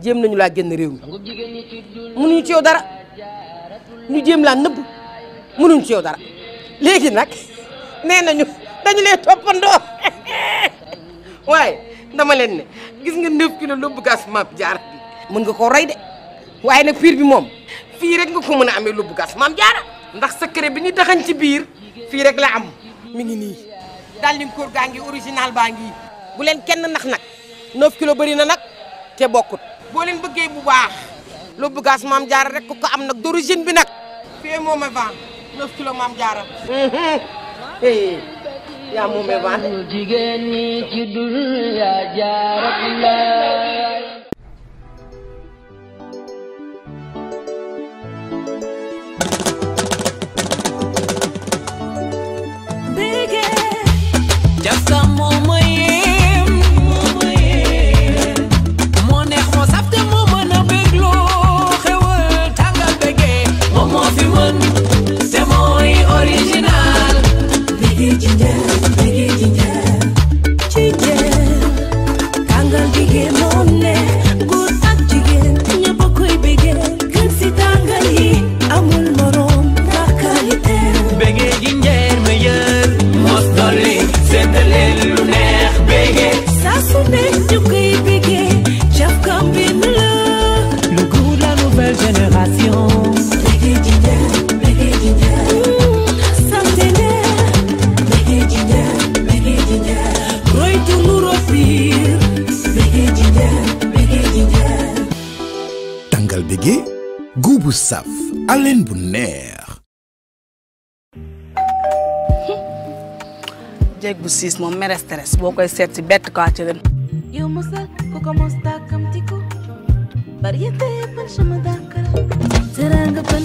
jéem nañu laa génn réew mi mënuñu ci yow dara ñu jéem laa nëbb mënuñu ci yow dara léegi nag nee nañu dañu lay toppandoo waaye dama leen ne gis nga 9 kilos lóbbu gas maam jaar bi mën nga koo rey de waaye nag piir bi moom fii rek nga ko mën a amee lóbbu gas maam jaara ndax secret bi ñu taxañ ci biir fii rek la am mi ngi nii dal di kóor gaa ngi original baa ngi bu leen kenn nax nag 9 kilos bari na nag te bokkut boo leen bëggee bu baax loo bëggaas maam jaara rek ku ko am nag d'origine bi nag fii moom a vent neuf kilo maam jaara yaa moom a vent jigéen ñi ci dul bëggee goût bu siis moom mere stress boo koy seet si bett kaa ci ren. yow mosal ku ko mos tàkkamtiku variété pël sama dàkkara. teraanga pël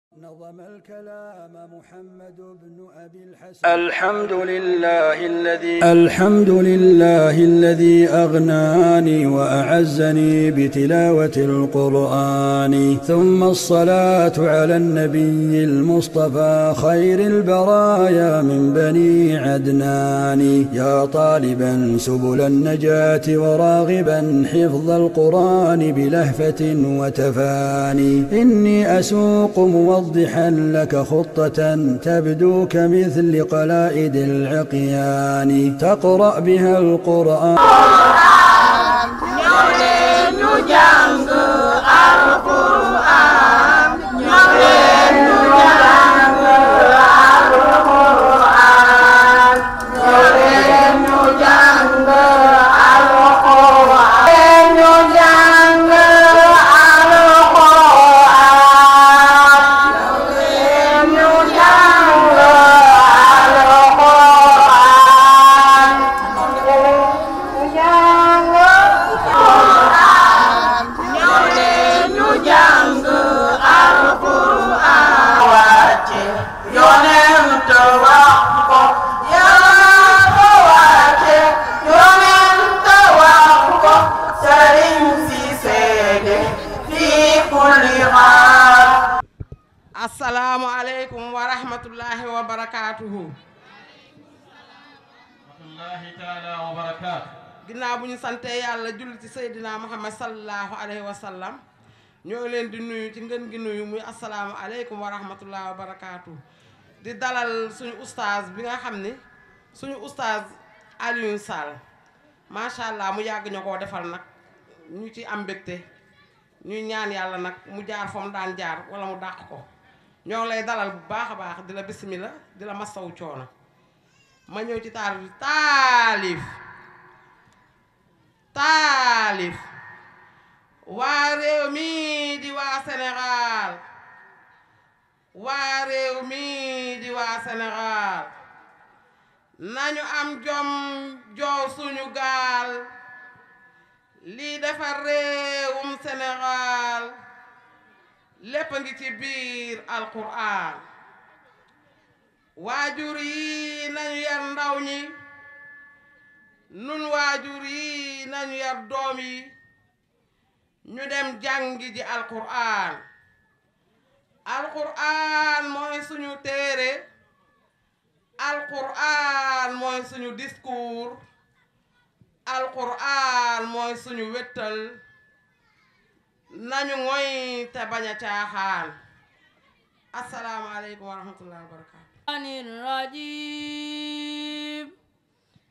الحمد لله الذي الحمد لله الذي أغناني وأعزني بتلاوة القرآن ثم الصلاة على النبي المصطفى خير البرايا من بني عدنان يا طالبا سبل النجاة وراغبا حفظ القرآن بلهفة وتفاني إني أسوق موضحا لك خطة تبدو كمثل قلائد العقيان تقرأ بها القرآن ñu santee yàlla julli ci seydina muhammad sallallahu alayhi wa sallam ñoo leen di nuyu ci ngën gi nuyu muy asalaamu aleykum wa rahmatullah wa di dalal suñu ustaaz bi nga xam ni suñu ustaaz Alioune Sall macha allah mu yàgg ñu koo defal nag ñu ci am mbégte ñuy ñaan yàlla nag mu jaar fam daan jaar wala mu dàq ko ñoo lay dalal bu baax a baax di la bisimila di la masaw coono ma ñëw ci taalif taalif waa réew mi di waa Sénégal waa réew mi di waa Sénégal nañu am jom joow suñu gaal lii defar réewum Sénégal lépp ngi ci biir alquran waajur yi nañu yar ndaw ñi nun waajur yi nañu yar doom yi ñu dem jàngi ji alquraan alquraan mooy suñu téere alquraan mooy suñu discours alquraan mooy suñu wéttal nañu ngoy te bañ a caaxaan assalaamu aleykum wa rahmatullahi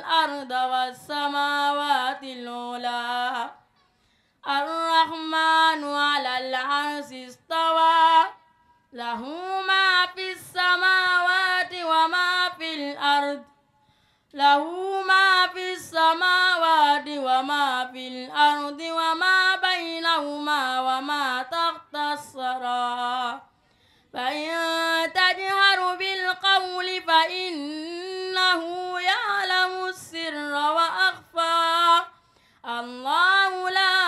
الأرض والسماوات العلى الرحمن على العرش استوى له ما في السماوات وما في الأرض له ما في السماوات وما في الأرض وما بينهما وما تحت الثرى فإن تجهر بالقول فإن الله لا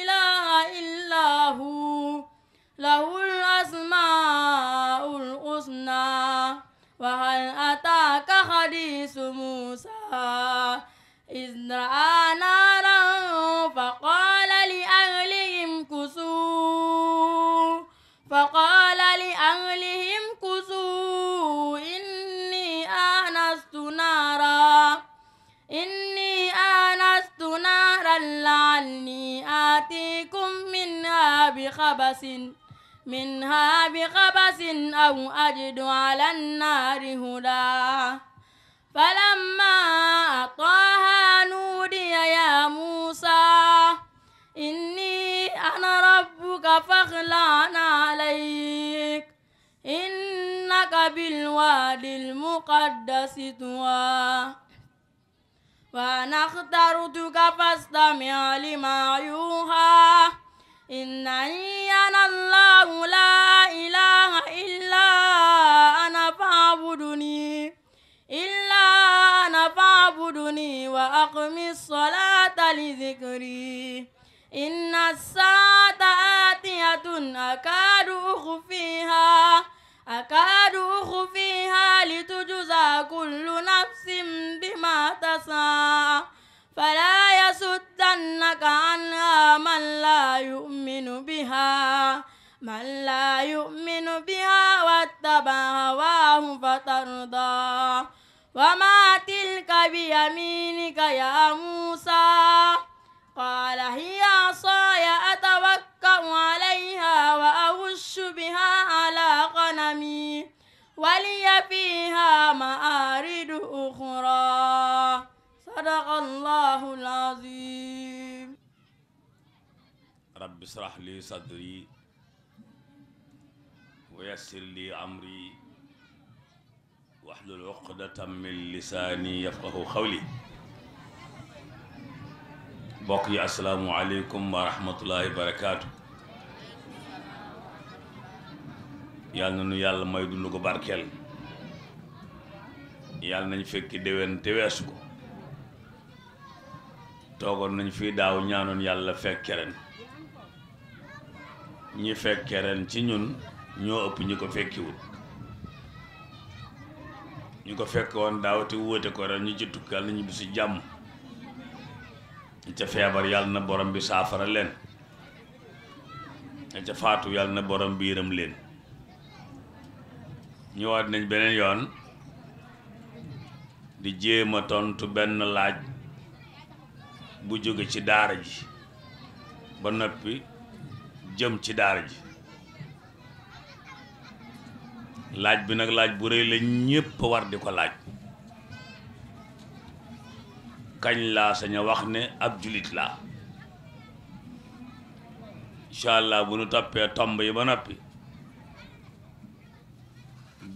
إله إلا هو له الأسماء الحسنى وهل أتاك حديث موسى إذ رأى أني آتيكم منها بخبس منها بخبس أو أجد على النار هدى فلما أطاها نودي يا موسى إني أنا ربك فاخلعنا عليك إنك بالوادي المقدس طوى ونخترتك فاستمع لما يوحى إنني أنا الله لا إله إلا أنا فاعبدني إلا أنا فاعبدني وأقم الصلاة لذكري إن الساعة آتية أكاد أخفيها أكادوخ فيها لتجزى كل نفس بما تسعى فلا يصدنك عنها من لا يؤمن بها من لا يؤمن بها واتبع هواه فترضى وما تلك بيمينك يا موسى قال هي عصاي أتوكل أطلع عليها وأهش بها على غنمي ولي فيها مآرد أخرى صدق الله العظيم رب اشرح لي صدري ويسر لي أمري واحلل عقدة من لساني يفقه قولي mbokk yi asalaamualeykum wa rahmatullahi barakaatu yàlla na nu yàlla may dund ko barkeel yàlla nañ fekki déwén te weesu ko toogoon nañ fi daaw ñaanoon yàlla fekke ren ñi fekke ren ci ñun ñoo ëpp ñi ko fekkiwut ñu ko fekk woon daaw te wóote ko ren ñu ci tukki yàlla nañu bisi jàmm ca feebar yàlla na borom bi saafara leen ca faatu yàlla na borom bi yërëm leen ñëwaat nañ beneen yoon di jéem a tontu benn laaj bu jóge ci daara ji ba noppi jëm ci daara ji laaj bi nag laaj bu rëy la ñépp war di ko laaj kañ laa sañ wax ne ab julit laa incha allah bu nu toppee tomb yi ba noppi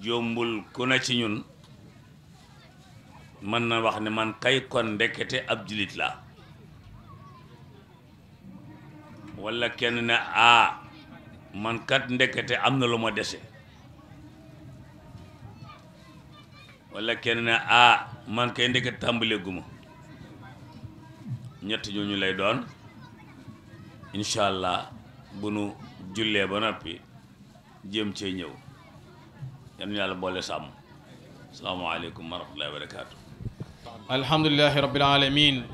jombul ku na ci ñun mën na wax ne man kay kon ndekete ab jullit la walla kenn ne a man kat ndekete am na lu ma dese walla kenn ne a man kay ndekete tàmbalee guma ñett ñooñu lay doon incha allah bu nu jullee ba noppi jéem cee ñëw yal na yàlla boole sàmm asalaamaaleykum wa rahmatullahi wa barakaatu. alhamdulilahi rabbil alamin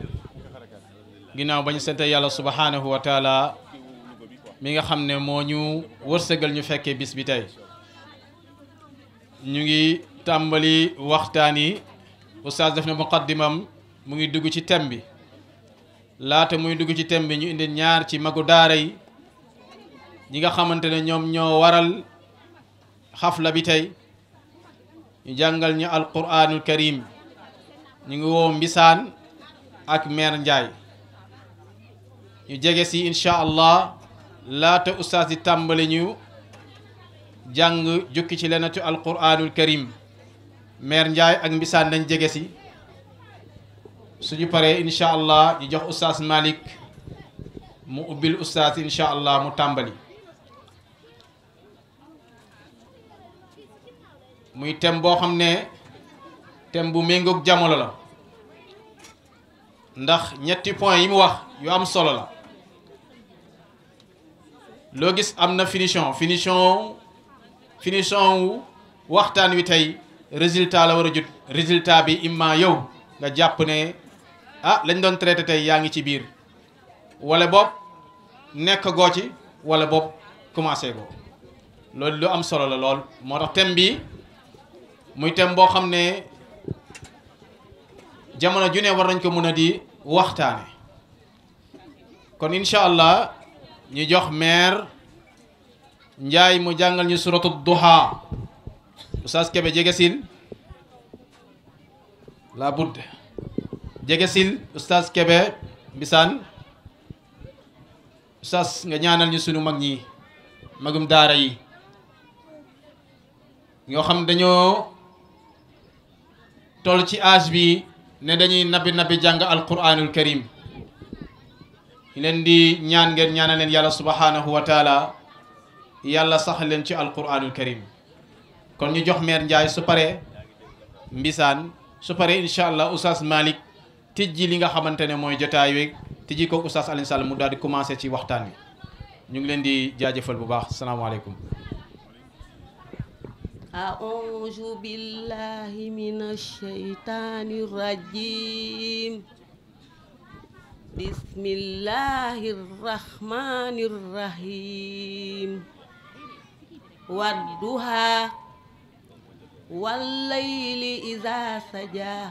ginnaaw bañ sante yàlla subhanahu wa taala mi nga xam ne moo ñu wërsëgal ñu fekkee bis bi tey ñu ngi tàmbali waxtaan yi oustaz def na muqaddimam mu ngi dugg ci thème bi laata muy dugg ci thème bi ñu indi ñaar ci magu daara yi ñi nga xamante ne ñoom ñoo waral xafla bi tey ñu jàngal ñu alquranul karim ñu ngi woo mbisaan ak meer njaay ñu jege si incha allah laata ustaas di tàmbali ñu jàng jukki ci lenatu alquranul karim meer njaay ak mbisaan nañ jege si suñu paree incha allah ñu jox ustaas malik mu ubbil ustaas incha allah mu tàmbali muy thème boo xam ne thème bu méngoog jamono la ndax ñetti point yi mu wax yu am solo la loo gis am na finition finition finition wu waxtaan wi tey résultat la war a jut résultat bi imma yow nga jàpp ne ah lañ doon traité tey yaa ngi ci biir wala bopp nekk goo ci wala bopp commencé ko loolu lu am solo la lool moo tax thème bi muy thème boo xam ne jamono ju ne war nañ ko mën a di waxtaane kon incha allah ñu jox maire Njaay mu jàngal ñu suratu duha Oustaz Kebe jege sil la budd jege sil Oustaz Kebe bisaan Oustaz nga ñaanal ñu sunu mag ñi magum daara yi ñoo xam dañoo toll ci as bi ne dañuy nabbi nabbi jàng alquranul karim leen di ñaan ngeen ñaana leen yàlla subhanahu wa taala yàlla sax leen ci alquranul karim kon ñu jox meer Njaay su pare mbisaan su paree incha allah oustaz Malick tijji li nga xamante ne mooy jotaay wi tijji ko oustaz Alioune Sall mu daal di commencé ci waxtaan wi ñu ngi leen di jaajëfal bu baax salaamaaleykum أعوذ بالله من الشيطان الرجيم بسم الله الرحمن الرحيم والضحى والليل إذا سجى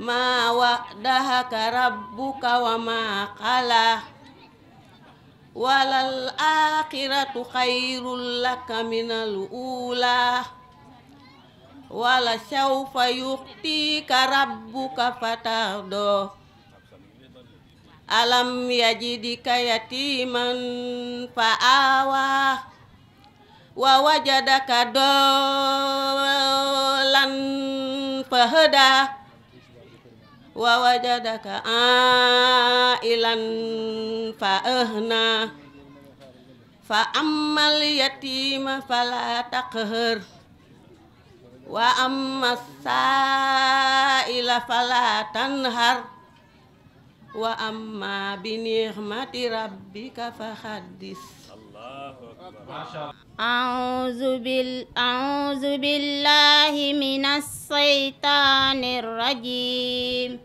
ما وعدك ربك وما قلى walal aaxiratu xayrul laka minal uulaa wala sawfa yuxtiika rabbuka fatardoo alam yajidika yatiiman fa aawaa wa wajadaka doolan fa hëdaa wa wajadaka ailan fa ahna fa ammal yatima fala taqhar wa amma saila fala tanhar wa amma bi ni'mati rabbika fa haddis أعوذ, بال... أعوذ بالله من الشيطان الرجيم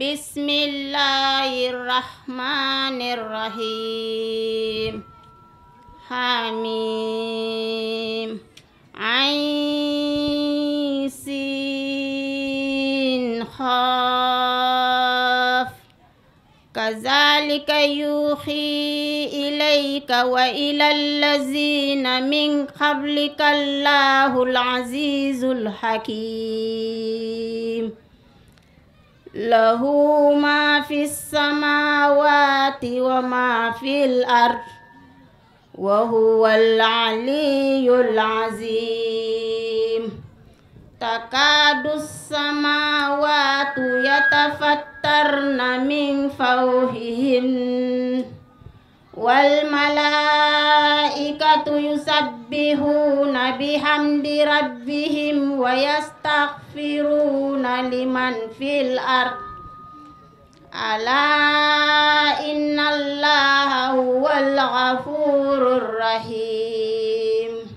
بسم الله الرحمن الرحيم حميم عين سين خاء kazalika yuuxi ilayka wa ila allazina min qablika allahu alazizul hakim lahu ma fi samawati wa ma fil ard wa huwa al aliyul azim takaadu samaawaatu yatafattarna min fawqihin wal malaa'ikatu yusabbihuuna bihamdi rabbihim wa yastaghfiruuna liman fil ard alaa inna allaha huwal ghafuurur rahiim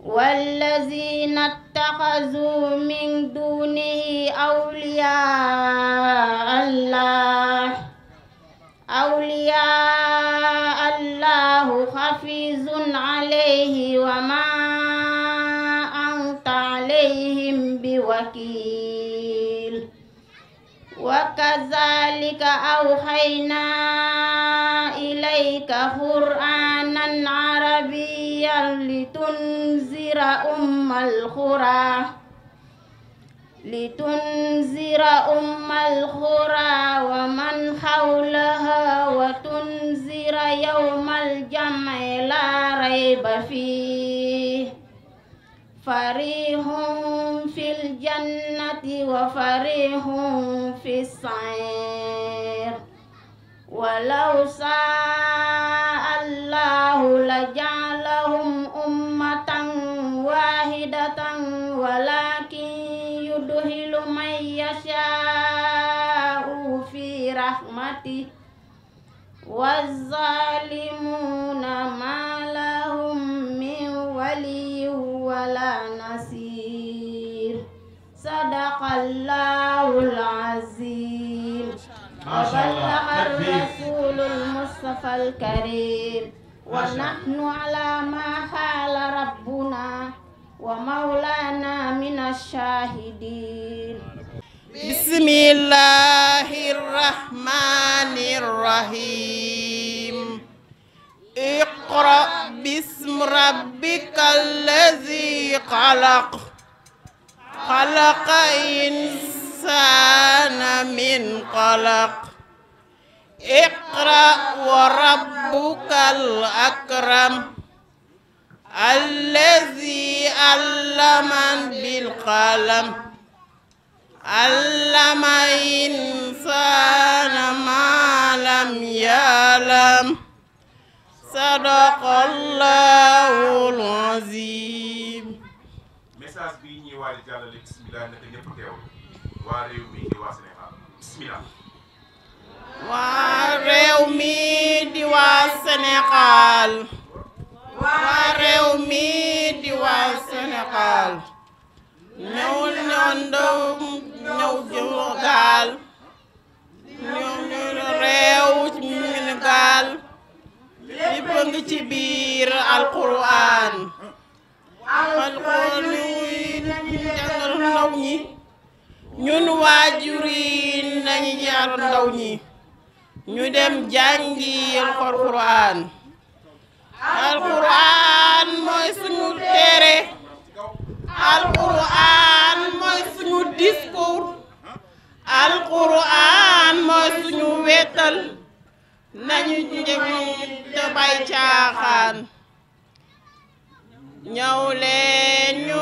wallaziina اتخذوا من دونه أولياء الله أولياء الله حفيظ عليه وما أنت عليهم بوكيل وكذلك أوحينا إليك قرآن لتنذر أم القرى لتنذر أم القرى ومن حولها وتنذر يوم الجمع لا ريب فيه فريح في الجنة وفريح في السعير ولو شاء الله لجعل والظالمون ما لهم من ولي ولا نصير صدق الله العظيم وبلغ الرسول المصطفى الكريم ونحن على ما قال ربنا ومولانا من الشاهدين بسم الله الرحمن الرحيم اقرأ باسم ربك الذي خلق خلق إنسان من قلق اقرأ وربك الأكرم الذي علم بالقلم علم إنسان ما لم يعلم صدق الله العظيم message bii ñuy waaj jàllale ñëwul ñoon dow ñëw jëmu gaal ñoom ñun réew min gaal lépp ngi ci biir alquran alquran ñu jàngal ndaw ñuy ñun waajur yi nañu jaar ndaw ñi ñu dem jàngi alquran alquran mooy suñu téere alquran mooy suñu discours alquran mooy suñu wétal nañu jëmit te bay caaxaan ñëw leen ñu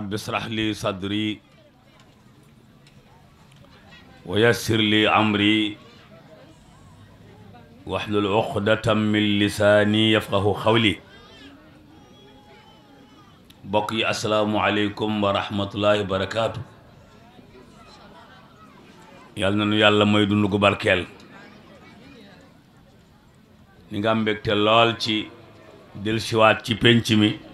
rabbi israh li sadri wa yassir li amri wahlul uqdatam min lisaani yafqahu xawli bokk yi asalaamu aleykum wa rahmatullahi wa barakaatu yal na nu yàlla may dund gu barkeel ni nga am mbégte lool ci dellusiwaat ci pénc mi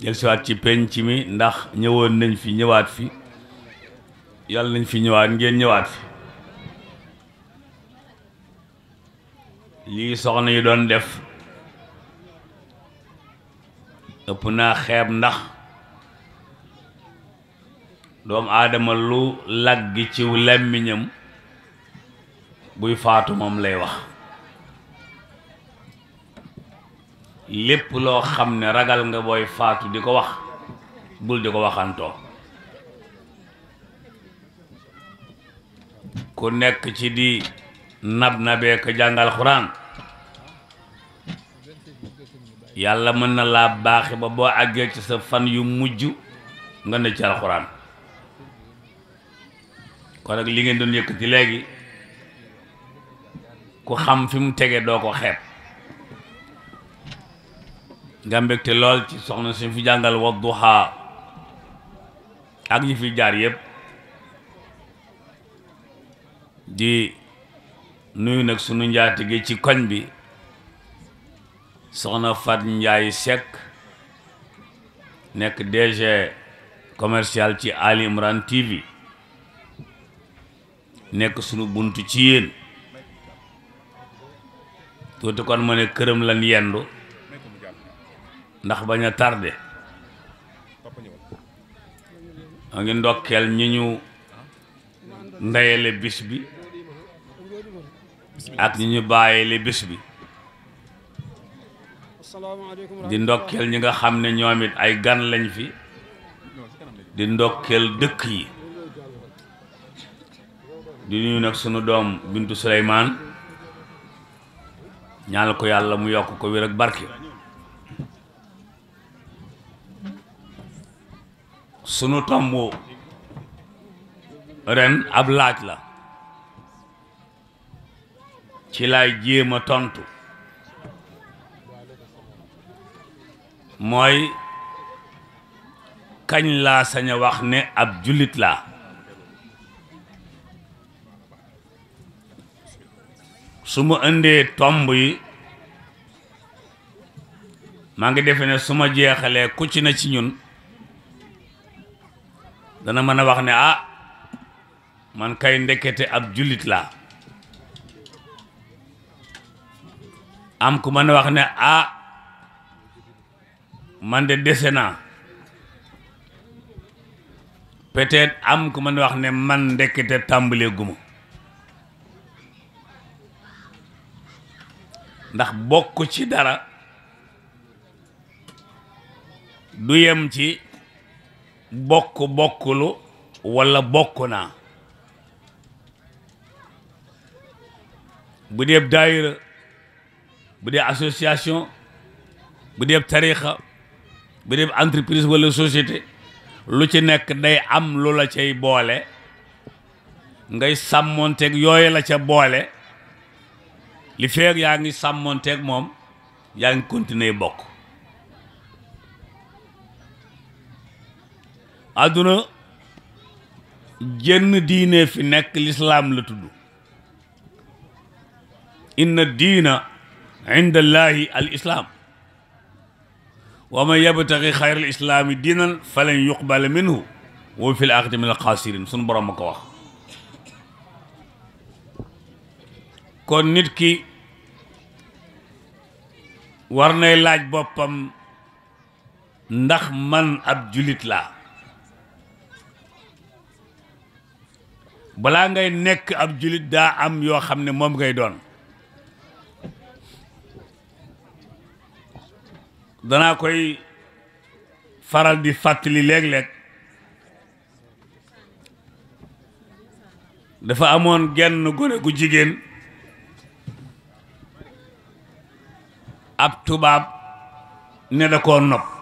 dellusiwaat ci penc mi ndax ñëwoon nañ fi ñëwaat fi yàlla nañ fi ñëwaat ngeen ñëwaat fi lii soxna yu doon def ëpp naa xeeb ndax doomu aadama lu laggi ciw lemmiñam buy faatu moom lay wax lépp loo xam ne ragal nga booy faatu di ko wax bul di ko waxantoo ku nekk ci di nab nabee ko jàngal xuraan yàlla mën na laa baaxi ba boo àggee ci sa fan yu mujj nga ne ci alxuraan kon nag li ngeen doon yëkkati léegi ku xam fi mu tege doo ko xeeb nga lool ci soxna suñ fi jàngal Wadduha ak yi fi jaar yëpp di nuyu nag sunu njaati gi ci koñ bi soxna Fat Njaay Seck nekk DG commercial ci Ali Imran TV nekk sunu bunt ci yéen tuuti kon ma ne këram lan yendu ndax bañ a tardé a ngi ndokkeel ñi ñu ndeyale bis bi ak ñi ñu bàyyile bis bi di ndokkeel ñi nga xam ne ñoom it ay gan lañ fi di ndokkeel dëkk yi di nuyu sunu doom Bintu Suleymaan ñaan ko yàlla mu yokk ko wér ak barke sunu tombu ren ab laaj la ci lay jéem tontu mooy kañ laa sañ wax ne ab jullit laa su ma indee tomb yi maa ngi defe ne su ma jeexalee ku ci na ci ñun dana mën a wax ne ah man kay ndekete ab jullit laa am ku mën a wax ne ah man de dese naa peut-être am ku mën a wax ne man ndekete tàmbalee ndax bokk ci dara du yem ci bokk bokkulu walla bokk naa bu dee daayira bu dee association bu dee tarixa bu dee entreprise walla société lu ci nekk day am lu la cay boole ngay sàmmoonteeg yooyu la ca boole li feeg yaa ngi sàmmoonteeg moom yaa ngi continuer bokk àdduna jenn diine fi nekk lislaam la tudd inna diina inda llaahi al islaam wa man yabtaxi xayra al islaami falan yuqbala minhu wa fi l min al xaasirin sunu borom ma ko wax kon nit ki war laaj boppam ndax man ab julit laa balaa ngay nekk ab jullit daa am yoo xam ne moom ngay doon danaa koy faral di fàttali léeg-léeg dafa amoon genn gone gu jigéen ab tubaab ne da koo nopp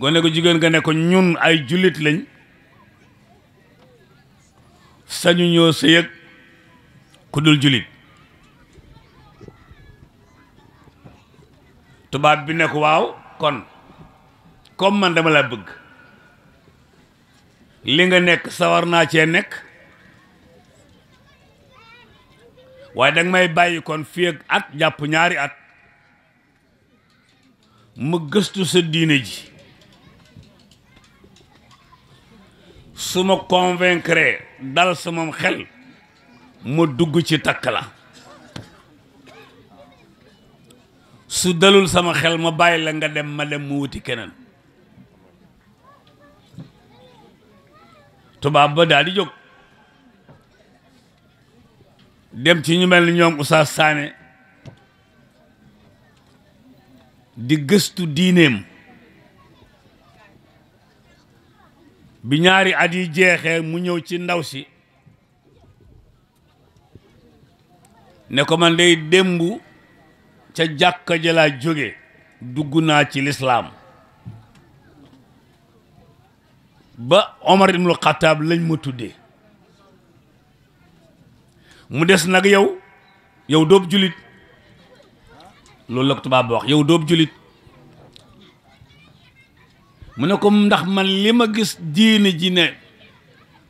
gone gu jigéen nga ne ko ñun ay jullit lañ sañu ñoo sëyëg ku dul jullit tubaab bi ne ko waaw kon comme man dama la bëgg li nga nekk sawar naa cee nekk waaye danga may bàyyi kon fii ak at jàpp ñaari at ma gëstu sa diine ji su ma convaincre dal sama xel ma dugg ci takk la su dalul sama xel ma bàyyi la nga dem ma dem mu wuti keneen tubaab ba daal di jóg dem ci ñu mel ni ñoom Oustaz Sané di gëstu diineem bi ñaari at yi jeexee mu ñëw ci ndaw si ne ko man day démb ca jàkka ja laa jóge dugg naa ci lislaam ba Omar ibnul Xataab lañ ma tuddee mu des nag yow yow doob julit loolu la ko tubaab ba wax yow doob julit mu ne ko ndax man li ma gis diine ji ne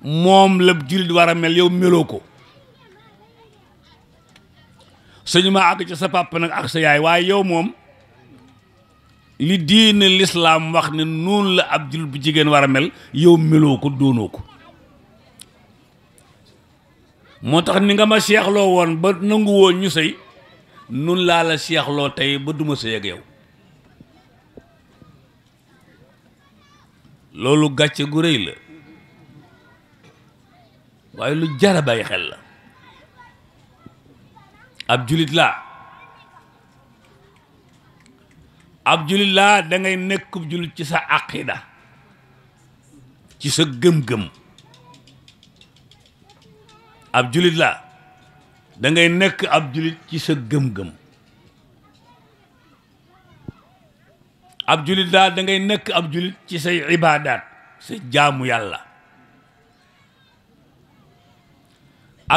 moom la jullit war a mel yow meloo ko suñu ma àgg sa papa nag ak sa yaay waaye yow moom li diine lislaam wax ne noonu la ab jullit bu jigéen war a mel yow meloo ko doonoo ko moo tax ni nga ma seexloo woon ba nangu woon ñu sëy nun laa la seexloo tey ba duma sëy ak yow loolu gàcce gu rëy la waaye lu jara bàyyi xel la ab julit laa ab julit laa dangay ngay nekk julit ci sa aqida ci sa gëm-gëm ab julit laa da ngay nekk ab julit ci sa gëm-gëm ab julit daal da nekk ab julit ci say ibaadaat sa jaamu yàlla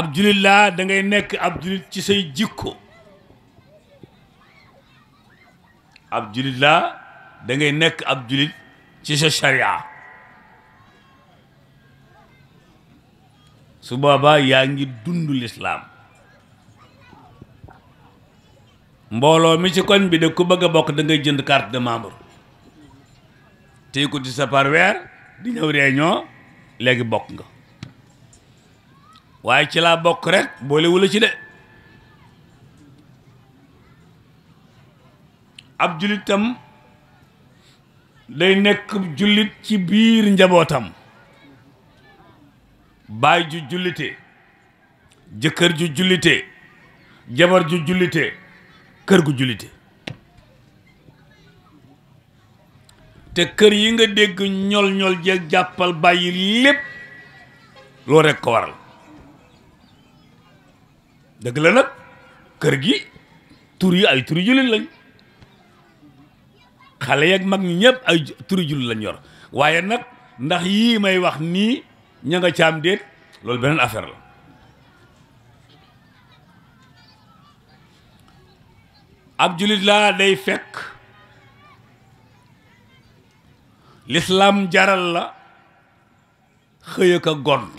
ab julit laa da nekk ab julit ci say jikko ab julit laa da nekk ab julit ci sa sharia su boobaa yaa ngi dund lislaam mbooloo mi ci koñ bi de ku bëgg bokk dangay jënd carte de membre téye ko ci sa par di ñëw réunion léegi bokk nga waaye ci laa bokk rek boole wula ci de ab jullitam day nekk jullit ci biir njabootam baay ju jullite jëkkër ju jullite jabar ju jullite kër gu jullite te kër yi nga dégg ñol ñol jeeg jàppal bàyyi lépp loo rek ko waral dëgg la nag kër gi tur yi ay turi jullit lañ xale yeeg mag ñi ñëpp ay turi jullit lañ yor waaye nag ndax yii may wax nii ña nga caam déet loolu beneen affaire la ab jullit laa day fekk lislaam jaral la xëy ak a gont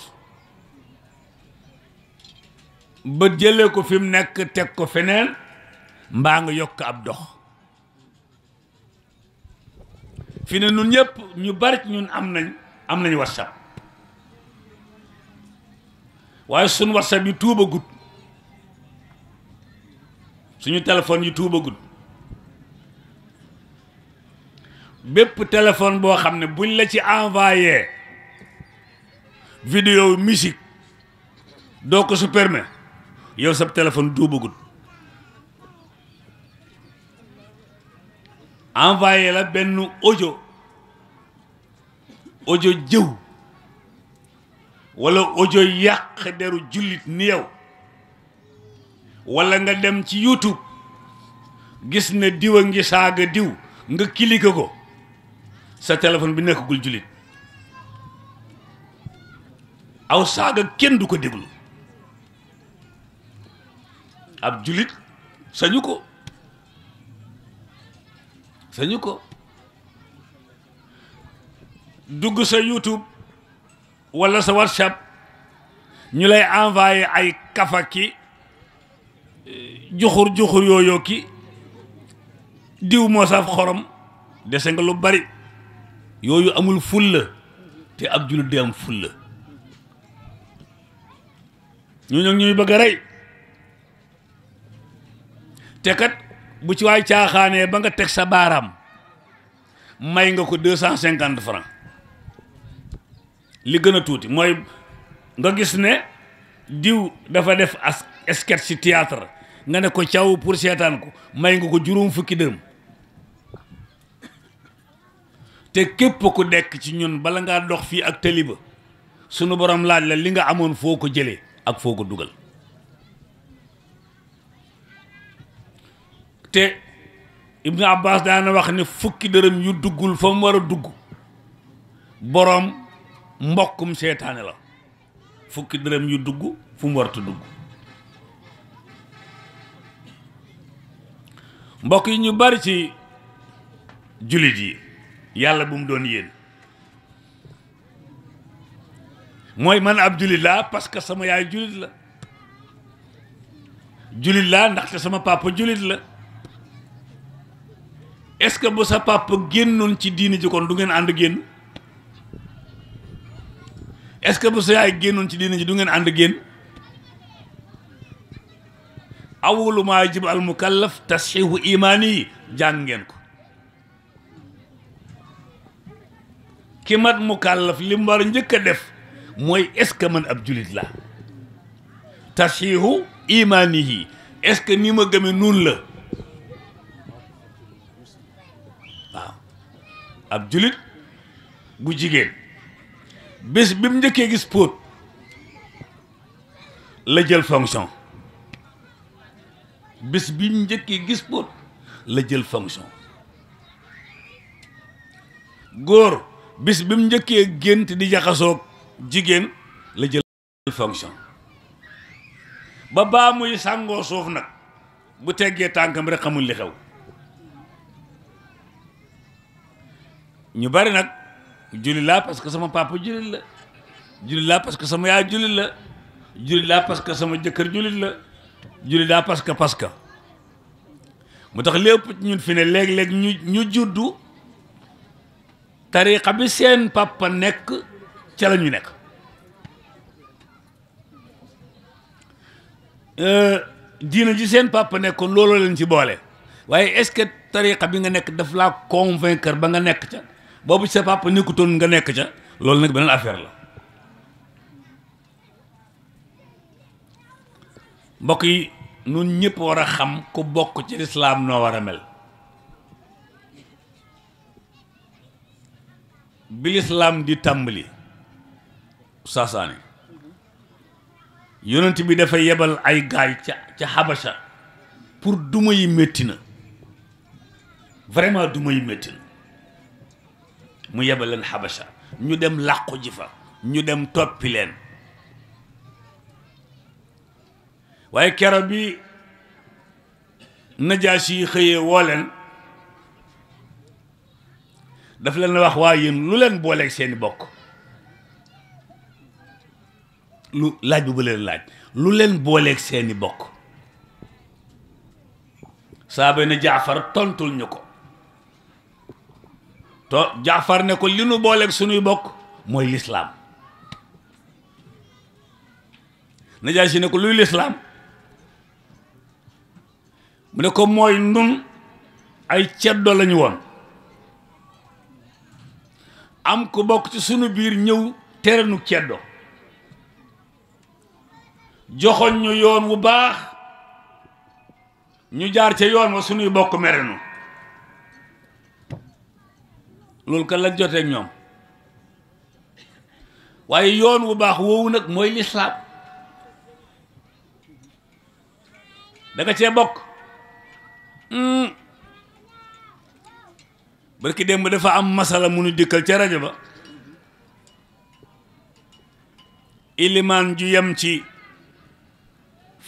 ba jëlee ko fi mu nekk teg ko feneen mbaa ngi yokk ab dox fi ne ñun ñëpp ñu bari ñun am nañ am nañ whatsapp waaye suñ whatsapp yi tuubagut suñu téléphone yi tuubagut bépp téléphone boo xam ne buñ la ci envoyé vidéo musique doo ko su permet yow sa téléphone duubagut envoyé la benn ojo ojo jëw walla audio yàq deru jullit ni yow wala nga dem ci YouTube gis na diw a ngi saaga diw nga kilike ko sa téléphone bi nekkagul jullit aw saaga kenn du ko déglu ab jullit sañu ko sañu ko dugg sa YouTube walla sa WhatsApp ñu lay envoyé ay kafa ki juxur juxur yooyu ki diw moo saf xorom dese nga lu bari yooyu amul fulla te ab jullit di am fulla ñu ñoo ñuy bëgg rey te bu ci waay caaxaanee ba nga teg sa baaraam may nga ko deux cent cinquante francs li gën a tuuti mooy nga gis ne diw dafa def as sketch théâtre nga ne ko caw pour seetaan ko may nga ko juróom fukki dërëm te képp ku dekk ci ñun bala ngaa dox fii ak tëli ba sunu borom laaj la li nga amoon foo ko jëlee ak foo ko dugal te Ibnu Abbas daana wax ne fukki dërëm yu duggul fa mu war a dugg boroom mbokkum seetaane la fukki dërëm yu dugg fu dugg mbokk yi ñu bari ci jullit yi yàlla bu mu doon yéen mooy man ab jullit la parce que sama yaay jullit la jullit la ndaxte sama papa julit la est-ce que bu sa papa génnoon ci diini ji kon du ngeen ànd génn est-ce que bu sa yaay génnoon ci diini ji du ngeen ànd génn awwalu maa yajibu al mukallaf tasxiihu imaani yi jàng ngeen ko ki mat mu kàllaf li mu njëkk a def mooy est ce man ab julit la tashihu imaanihi est ce que ni ma gëme noonu la ab julit bu jigéen bés bi mu njëkkee gis póot la jël fonction bés bi mu njëkkee gis póot la jël fonction góor bis bi mu njëkkee gént di jaxasoog jigéen la jël fonction ba baa muy sàngoo suuf nag bu teggee tànkam rek xamul li xew ñu bari nag julli laa parce que sama papa jullit la parce que sama yaay jullit la julli laa parce que sama jëkkër jullit la julli laa parce que parce que mu tax lépp ñun fi ne léeg-léeg ñu ñu juddu tariqa bi seen papa nekk ca la ñu nekk euh, diina ji seen papa nekkoon looloo leen ci boole waaye est-ce que bi nga nekk daf laa convaincre ba nga nekk ca boobu sa papa nekkutoon nga nekk ca loolu nag beneen affaire la mbokk yi nun ñëpp war a xam ku bokk ci lislaam noo war a mel bi lislaam di tàmbali saasaane yonent bi dafa yebal ay gaay ca ca pour duma yi métti na vraiment duma yi metti na mu yebal leen Habasha ñu dem làqu ji fa ñu dem toppi leen waaye kero bi najaasi yi xëyee woo leen daf leen wax waa yéen lu leen booleek seeni bokk lu laaj bu bu leen laaj lu leen booleek seeni bokk saaba ne jaafar tontul ñu ko to jaafar ne ko li nu booleeg sunuy bokk mooy lislaam najaasi ne ko luy lislaam mu ne ko mooy nun ay ceddo lañu woon am ku bokk ci sunu biir ñëw terenu ceddo joxoñ yoon wu baax ñu jaar ca yoon wa sunuy bokk merenu loolu kan la joteeg ñoom waaye yoon wu baax woowu nag mooy lislaam danga cee bokk hmm. barki démb dafa am masala mu nu dikkal ca rajo ba ilimaan ju yem ci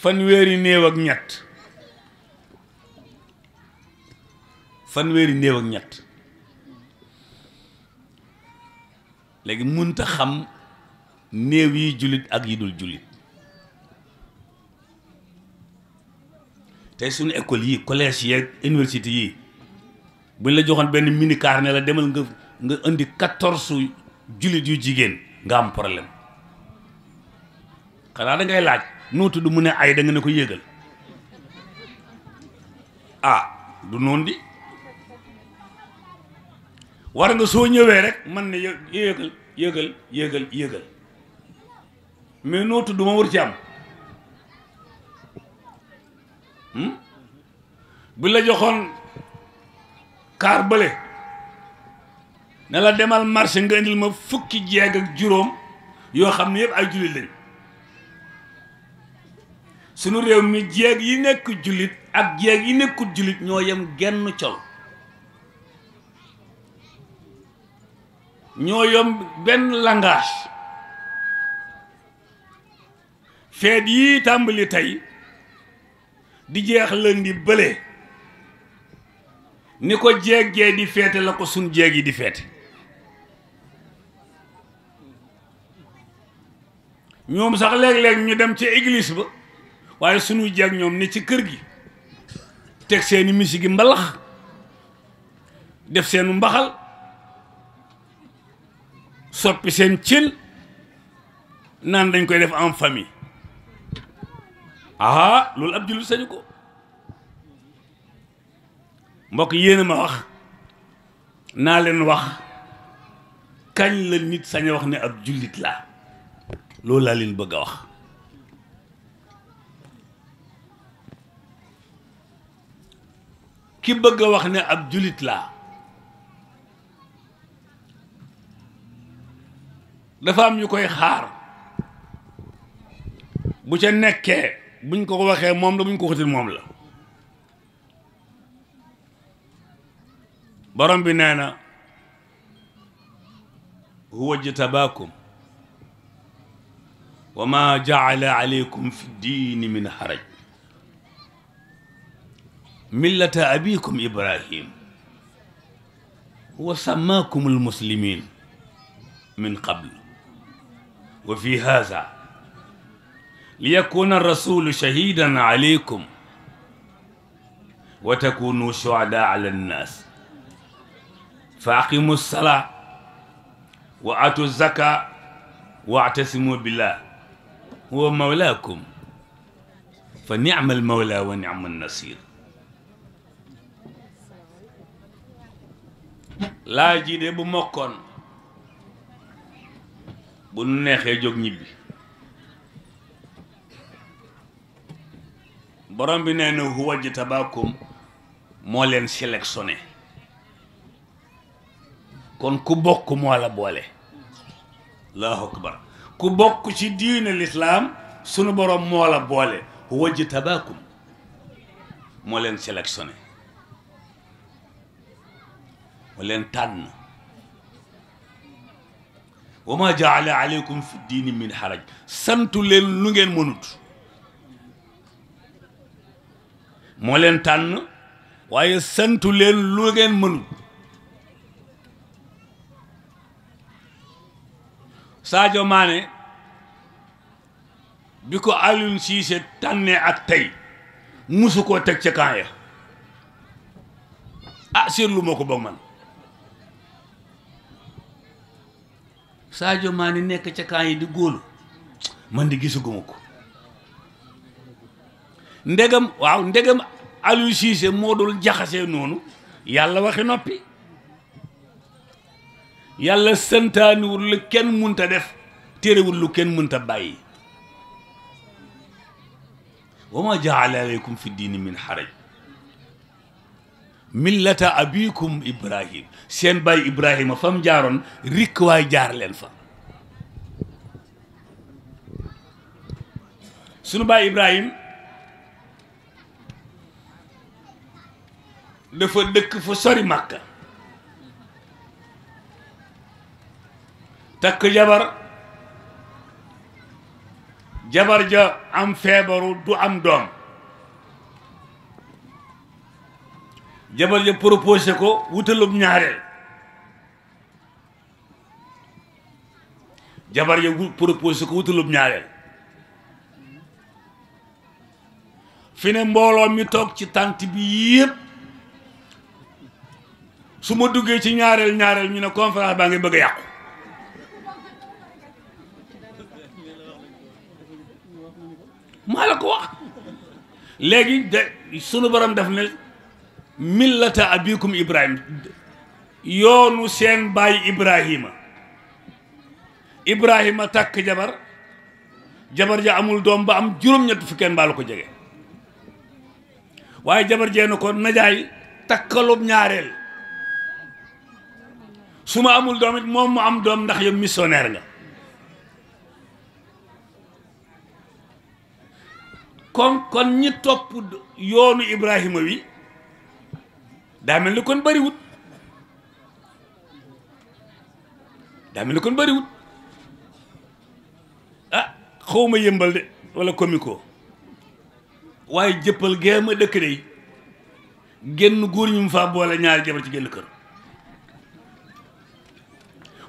fanweeri néew ak ñett fanweeri néew ak ñett léegi munta xam néew yi jullit ak yi dul jullit tey suñu école yi collège yeeg université yi buñ la joxoon benn mini ne la demal nga nga indi quatorze jullit yu jigéen nga am problème xanaa dangay laaj noo tudd mu ne ay da nga ne ko yéegal ah du noonu di war nga soo ñëwee rek man ne yéegal yéegal yéegal yéegal mais noo tudd ma war ci am hmm? bu la joxoon kaar bële ne la demal marché nga indil ma fukki jeeg ak juróom yoo xam ne yëpp ay jullit lañ sunu réew mi jeeg yi nekk jullit ak jeeg yi nekkul jullit ñoo yem genn col ñoo yem benn langage feet yi tàmbali tey di jeex lëndi bële ni ko jéggee di feete la ko sun jéeg yi di feete ñoom sax léeg-léeg ñu dem ci église ba waaye sunu jeeg ñoom ni ci kër gi teg seeni misigi mbalax def seenu mbaxal soppi seen cin naan dañ koy def en famille ah loolu ab jullit sañu ko mbokk yéen ma wax naa leen wax kañ la nit sañ a wax ne ab jullit laa loolu laa leen bëgg a wax ki bëgg a wax ne ab jullit laa dafa am yu koy xaar bu ca nekkee buñ ko ko waxee moom la bu buñ ko xatil moom la borom bi nee na huwa jtabaakum wa ma jaala aleykum fi diini min haraj millata abikum ibrahim huwa samaakum almuslimin min qabl wa fi haza liyakuna arrasulu shahidan aleykum wa takunu shuhada ala annas fa aqimu salaa wa atu zaka waatasimu billah huwa mawlaakum fa nicma al mawla wa nicma nasir laa ji de bu mokkoon bu nu neexee jóg ñibbi borom bi nee na huwa ji tabaakum moo leen kon ku bokk moo la boole allahu akbar ku bokk ci diine lislaam sunu borom moo la boole wajtabaakum moo leen sélectionné moo leen tànn wa santu leen lu ngeen mënut moo leen tànn waaye santu leen lu ngeen mënut Sadio Mané bi ko Aliou Cissé tànnee ak tey musu koo teg ca camp ya ah seetlu ko boog man Sadio maani nekk ca camp yi di góolu man di gisuguma ko ndegam waaw ndegam Aliou Cissé moo dul jaxasee noonu yàlla waxi noppi yàlla santaaniwul lu kenn munta def téerewul lu kenn munta bàyyi wa ma jaala aleykum fi diini min xaraj millata abikum ibrahim seen bàyyi ibrahima fam jaaroon rikk waay jaar leen fa sunu bàyyi ibrahim dafa dëkk fa sori màkka takk jabar jabar ja am feebaru du am doom jabar ja proposé ko wutalub ñaareel jabar ja proposé ko wutalub ñaareel fi ne mbooloo mi toog ci tànt bi yëpp su ma duggee ci ñaareel ñaareel ñu ne conférence baa ngi bëgg a yàqu maa la ko wax léegi de sunu borom def ne millata abikum ibrahim yoonu seen baay ibrahima ibrahima takk jabar jabar ja amul doom ba am juróom-ñett fukkeen mbaa la ko jege waaye jabar jee na ko najaay takkalub ñaareel su ma amul doom moom mu am doom ndax yow missionnaire nga comme kon ñi topp yoonu Ibrahima wi daa mel ni kon bariwut daa mel ni kon bëriwut ah xawma yëmbal de wala komiko waaye jëppal gee ma dëkk de génn góor ñu mu faa boole ñaari jabar ci génn kër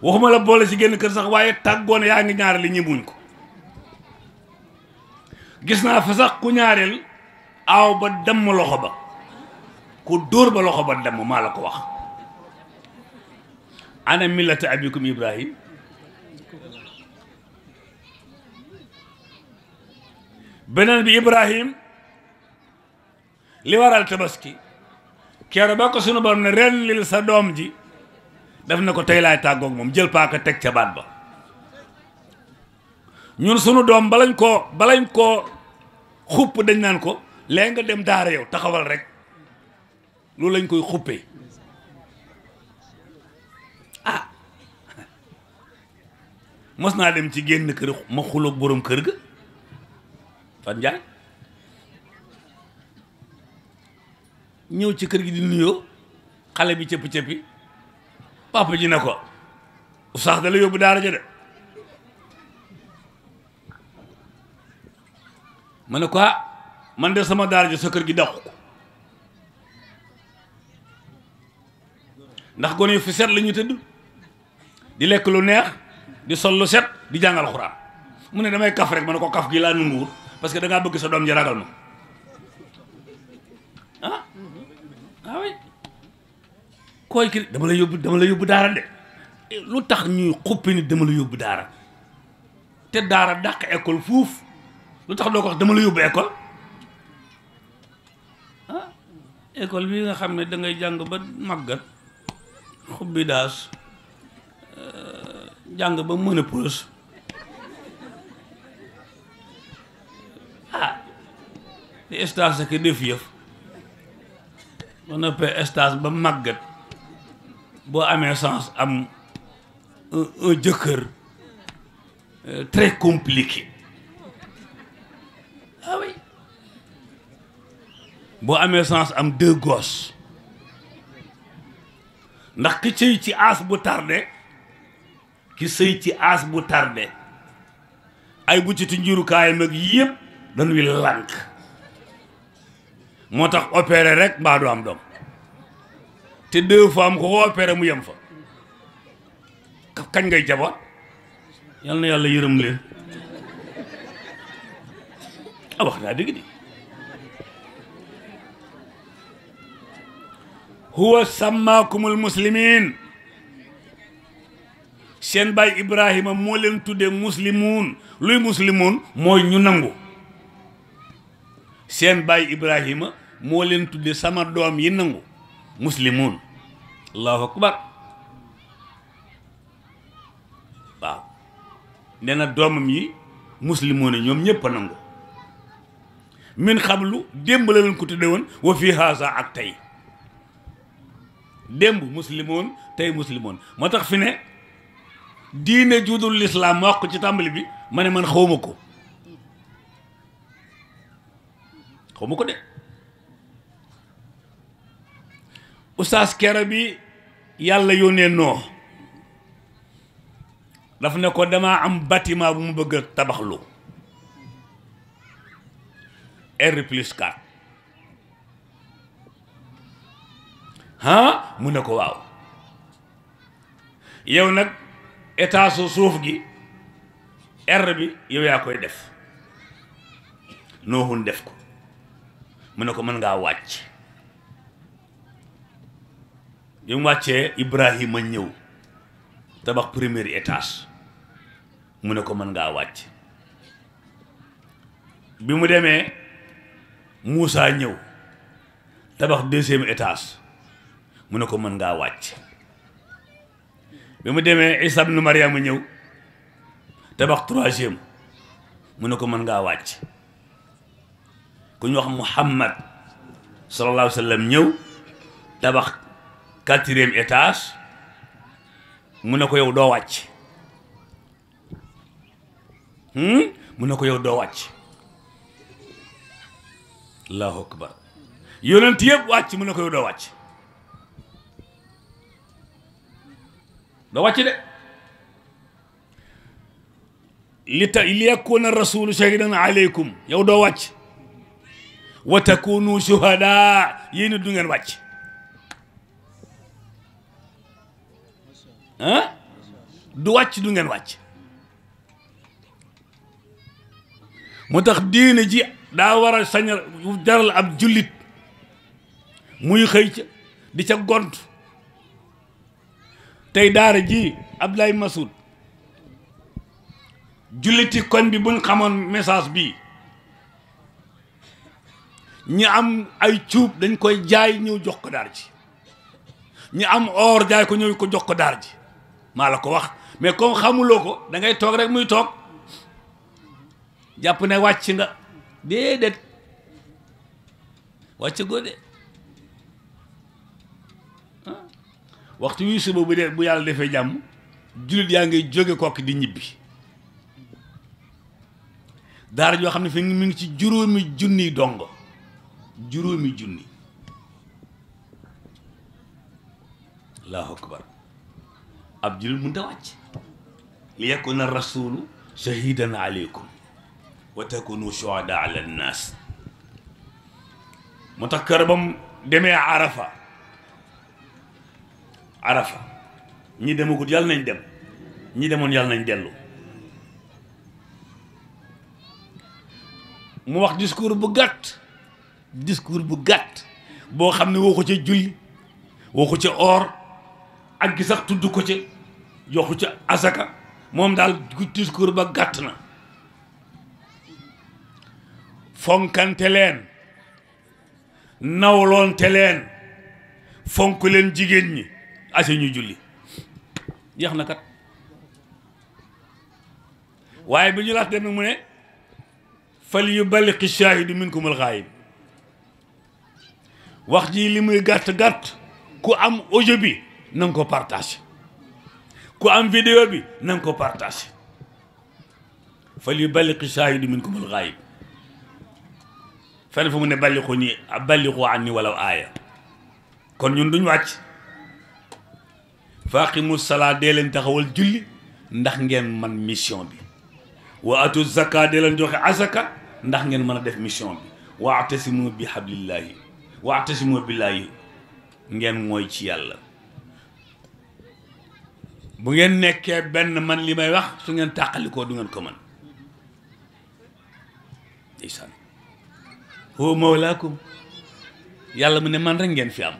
waxuma la boole ci génn kër sax waaye tàggoon yaa ngi ñaari li ñi ko gis naa fa sax ku ñaareel aaw ba demm loxo ba ku dóor ba loxo ba demm maa la ko wax ana millata abikum ibrahim beneen bi ibrahim li waral tabaski keero ba ko sunu borom ne ren lil sa doom ji daf na ko tey laay tàggoog moom jël paaka teg ca baat ba ñun sunu doom balañ koo balañ koo xupp dañ naan ko lee nga dem daara yow taxawal rek loolu lañ koy xuppee ah mos naa dem ci génn kër ma xuloog boroom kër gi fan njaay ñëw ci kër gi di nuyoo xale bi cëpp-cëppi papa ji ne ko sax da la yóbbu daara ja de ma ne ko ah man de sama daara ji sa kër gi dàqu ko ndax gone yu fi set la ñu tëdd di lekk lu neex di sol lu set di jàngal xuraan mu ne damay kaf rek ma ne ko kaf gi laa nanguwul parce que da bëgg sa doom ji ragal ma ah, ah dama la yóbbu dama la yóbbu daara de eh, lu tax ñuy xuppi ni dama la yóbbu daara te daara dàq école fuuf lu tax doo ko wax dama la yóbbu école ah bi nga xam ne dangay jàng ba màggat xubbi daas euh, jàng ba mën a pose ah di stage ak def yëf ba noppee stage ba màggat boo amee sens am un jëkkër euh, très compliqué Ah boo amee chance am deux gosses ndax ki sëy ci aas bu tardé ki sëy ci aas bu tardé ay bu ci ti njurukaayam ak yëpp dañuy lànk moo tax opéré rek mbaa du am doom te deux fois am ko ko opéré mu yem fa kañ ngay jaboot yal na yàlla yërëm leen ah wax naa dëgg de huwa sammaakumul muslimiin seen baay Ibrahima moo leen tuddee muslimuun luy muslimuun mooy ñu nangu seen baay Ibrahima moo leen tudde sama doom yi nangu muslimuun allahu akbar waaw nee na doomam yi muslimuun ñoom ñëpp a nangu min xablu démb la leen ko tudde woon wa fi haasa ak tey démb muslimoon tey muslimoon moo tax fi ne diine judul lislaam ma wax ko ci tàmbali bi ma ne man xawma ko xawma ko de ustaas kero bi yàlla yónnee noo daf ne ko damaa am bâtiment bu mu bëgg a tabaxlu R plus 4 ah mu ne ko waaw yow nag état suuf gi R bi yow yaa koy def nooxun def ko mu ne ko mën ngaa wàcc bi mu wàccee Ibrahima ñëw tabax premier étage mu ne ko mën ngaa wàcc bi mu demee Moussa ñëw tabax deuxième étage mu ne ko mën ngaa wàcc bi mu demee Isa ibnu Maryam ñëw tabax troisième mu ne ko mën ngaa wàcc ku ñu wax Muhammad sallallahu alayhi wa sallam ñëw tabax quatrième étage mu ne ko yow doo wàcc hmm? mu ne ko yow doo wàcc allahu akbar yonent yëpp wàcc mu ne ko yow doo wàcc doo wàcc de li ta li yakuna rasulu shahidan aleykum yow doo wàcc wa takunu shuhada yéen it du ngeen wàcc ah du wàcc du ngeen wàcc moo tax diine ji daa war a sañ jaral ab jullit muy xëy ca di ca gont tey daara ji Abdoulaye Massoud julliti koñ bi buñ xamoon message bii ñi am ay cuub dañ koy jaay ñëw jox ko daar ji ñi am or jaay ko ñëw ko jox ko daar ji maa la ko wax mais comme xamuloo ko dangay toog rek muy toog jàpp ne wàcc nga déedéet wàcc goo de ah. waxtu wi suba bu dee bu yàlla defee jàmm jullit yaa ngi jóge kokki di ñibbi daara joo xam ne fi mi ngi ci juróomi junniy dong juróomi junni allahu akbar ab jullit mënta wàcc li yakuna rasulu shahidan aleykum wa takunu shuhada ala nnaas moo tax kër ba mu demee arafa arafa ñi demagut yàlla nañ dem ñi demoon yàlla nañ dellu mu wax discours bu gàtt discours bu gàtt boo xam ne waxu ca julli waxu ca or ak gi sax tudd ko ca yoxu ca asaka moom daal discours ba gàtt na fonkante leen nawloonte leen fonk leen jigéen ñi ase ñu julli jeex na kat waaye bi ñu laat demee mu ne fal yu di ko shaahidu minkumul ghaayib wax ji li muy gàtt-gàtt ku am audio bi na ko partage ku am vidéo bi na nga ko partage fal yu ko shaahidu minkumul ghaayib fenn fu mu ne balliku ñi balliku a ni walaw aaya kon ñun duñ wàcc faqimu salaa dee leen taxawal julli ndax ngeen man mission bi wa atu zaka dee leen joxe azaka ndax ngeen mën a def mission bi waatasimu bi hablillahi waatasimu billahi ngeen mooy ci yàlla bu ngeen nekkee benn man li may wax su ngeen tàqalikoo du ngeen ko mën laa mawlaakum yàlla mu ne man rek ngeen fi am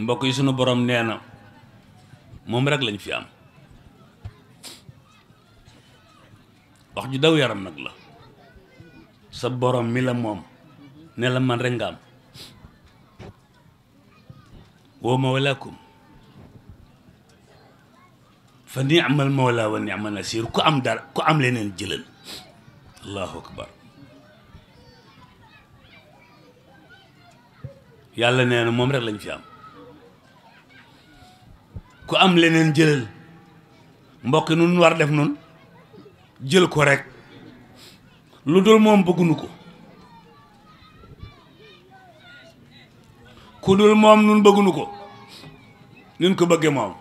mbokk yi sunu borom nee na moom rek lañu fi am wax ju daw yaram nag la sa borom mi la moom ne la man rek nga am woo mawlaakum fa ni'mal mawla wa ni'mal nasir ku am dara ku am leneen jëlal allahu akbar yàlla nee na moom rek lañu fi am ku am leneen jëlal mbokk nun war def nun jël ko rek lu dul moom bëggunu ko ku dul moom nun bëggunu ko nun ko bëggee moom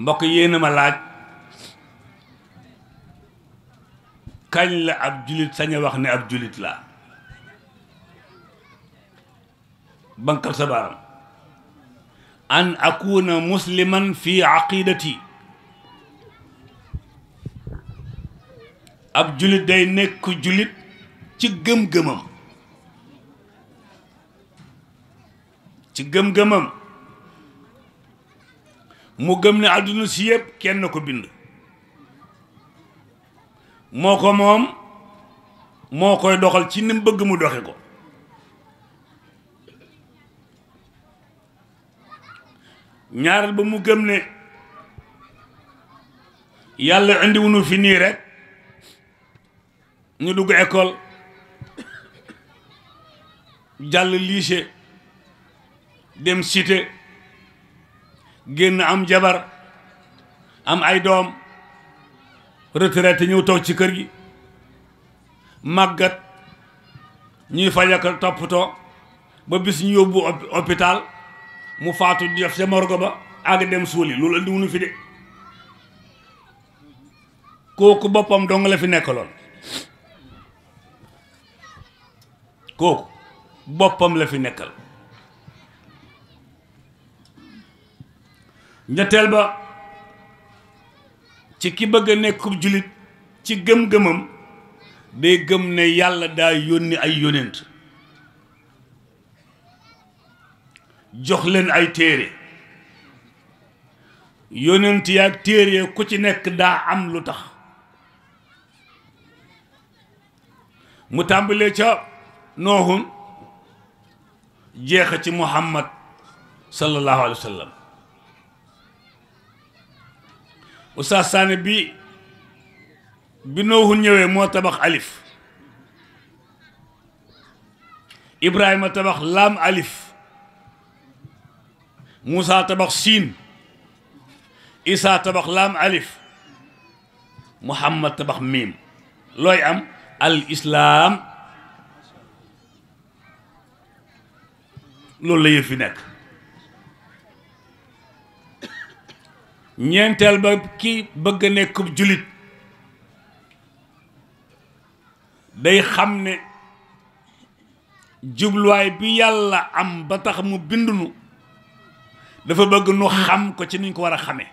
mbokk yéena ma laaj kañ la ab julit sañ wax ne ab julit la bankal sa baaram an akuna musliman fi aqidati ab julit day nekk julit ci gëm-gëmam ci gëm-gëmam mu gëm ne àdduna si yëpp kenn ko bind moo ko moom moo koy doxal ci ni bëgg mu doxe ko ñaaral ba mu gëm ne yàlla indiwunu fi nii rek ñu dugg école jàll lycée dem cité génn am jabar am ay doom retraite ñëw toog ci kër gi màggat ñuy fajaka toppatoo ba bis ñu yóbbu hôpital mu faatu di def ca morgo ba àgg dem suuli loolu andiwuñu fi de kooku boppam dong la fi nekkaloon kooku boppam la fi nekkal ñetteel ba ci ki bëgg a nekkub jullit ci gëm-gëmam day gëm ne yàlla daa yónni ay yónent jox leen ay téere yonent yaag téere ku ci nekk daa am lu tax mu tàmbalee ca noohun jeexa ci muhammad sallallahu alayhi wa sallam Oustaz Sané bi bi noohun ñëwee moo tabax alif Ibrahima tabax laam alif Moussa tabax siin Isa tabax laam alif Muhammad tabax miim looy am al islaam loolu la yëf fi nekk ñeenteel ba ki bëgg a nekk julit day xam ne jubluwaay bi yàlla am ba tax mu bindunu dafa bëgg nu xam ko ci niñ ko war a xame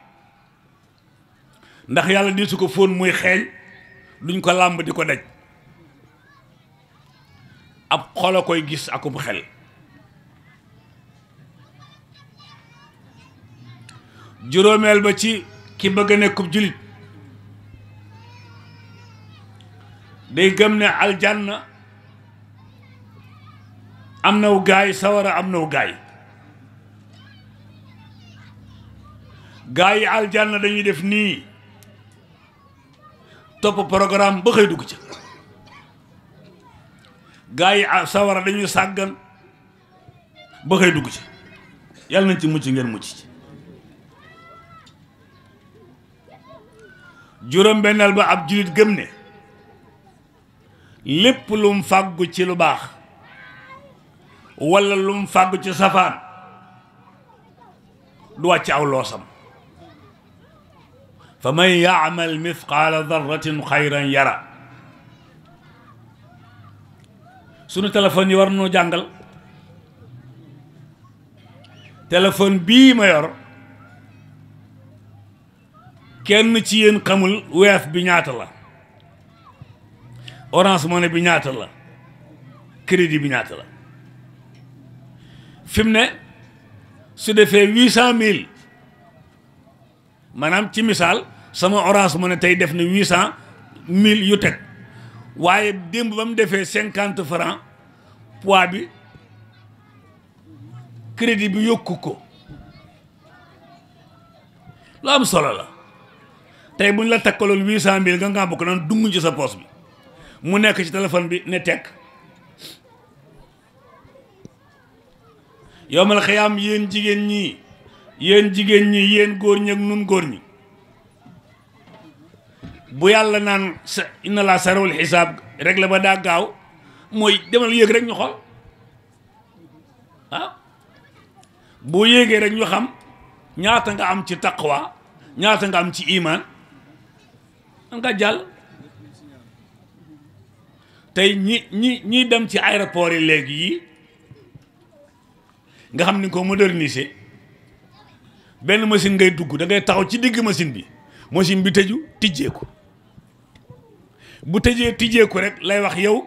ndax yàlla di ko fóon muy xeeñ duñ ko làmb di ko daj ab xol a koy gis akum xel juróomeel ba ci ki bëgg a nekkub julit day gëm ne aljanna am na naw gaay sawara am naw gaay gaa yi aljanna dañuy def nii topp programme ba dugg ci gaa yi sawara dañuy sàggan ba dugg ci yàlla nañ ci mucc ngeen mucc ci juróom-benneel ba ab jullit gëm ne lépp lu mu fàggu ci lu baax walla lu mu fàggu ci safaan du wàcc aw loosam fa man yaamal mithqaala darratin xayran yara sunu téléphone yi war nañoo jàngal téléphone bii ma yor kenn ci yéen xamul weef bi ñaata la orange money bi ñaata la crédit bi ñaata la fi mu ne su defee huit cent mille maanaam ci misaal sama orange ma ne tey def na huit cent mille yu teg waaye démb ba mu defee cinquante franc poids bi crédit bi yokku ko lu am solo la tey bu ñu la takkaloon huit cent mille nga ngaa bokk naan dung ci sa poos bi mu nekk ci téléphone bi ne tekk yow mal xëyaam yéen jigéen ñi yéen jigéen ñi yéen góor ñi ak nun góor ñi bu yàlla naan sa inna laa sarawul xisaab rek la ba daa gaaw mooy demal yéeg rek ñu xool waaw ah? boo yéegee rek ñu xam ñaata nga am ci taqwa ñaata nga am ci imaan nga jàll tey ñi ñi ñiy dem ci aéroport yi léegi yi nga xam ni ko moderniser benn machine ngay dugg da ngay taxaw ci digg machine bi machine bi tëju ko bu tëjee tijjeeku rek lay wax yow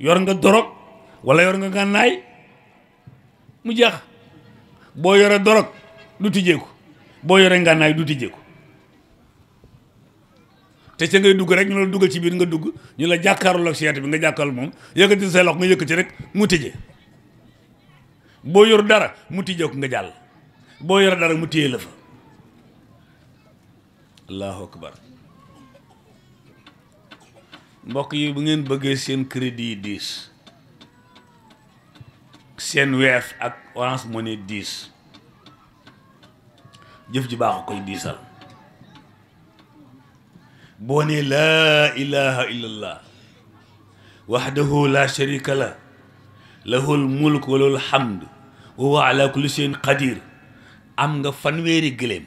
yor nga dorog wala yor nga gànnaay mu jeex boo yore dorog du tijjeeku boo yore ngànnaay du tijjeeku te ca ngay dugg rek ñu la duggal ci biir nga dugg ñu la jàkkaarloo ak seet bi nga jàkkaarloo moom yëkkati say lox nga yëkkati rek mu tëjee boo yor dara mu tijjeeku nga jàll boo yor dara mu téye la fa allahu akbar mbokk yi bu ngeen bëggee seen crédit yi diis seen weef ak Orange Money diis jëf ji baax koy diisal boo nee laa ilaha illallah wahdahu la sharika la lahul mulk wa lahul hamd wa huwa ala kulli shay'in qadir am nga fanweeri gëléem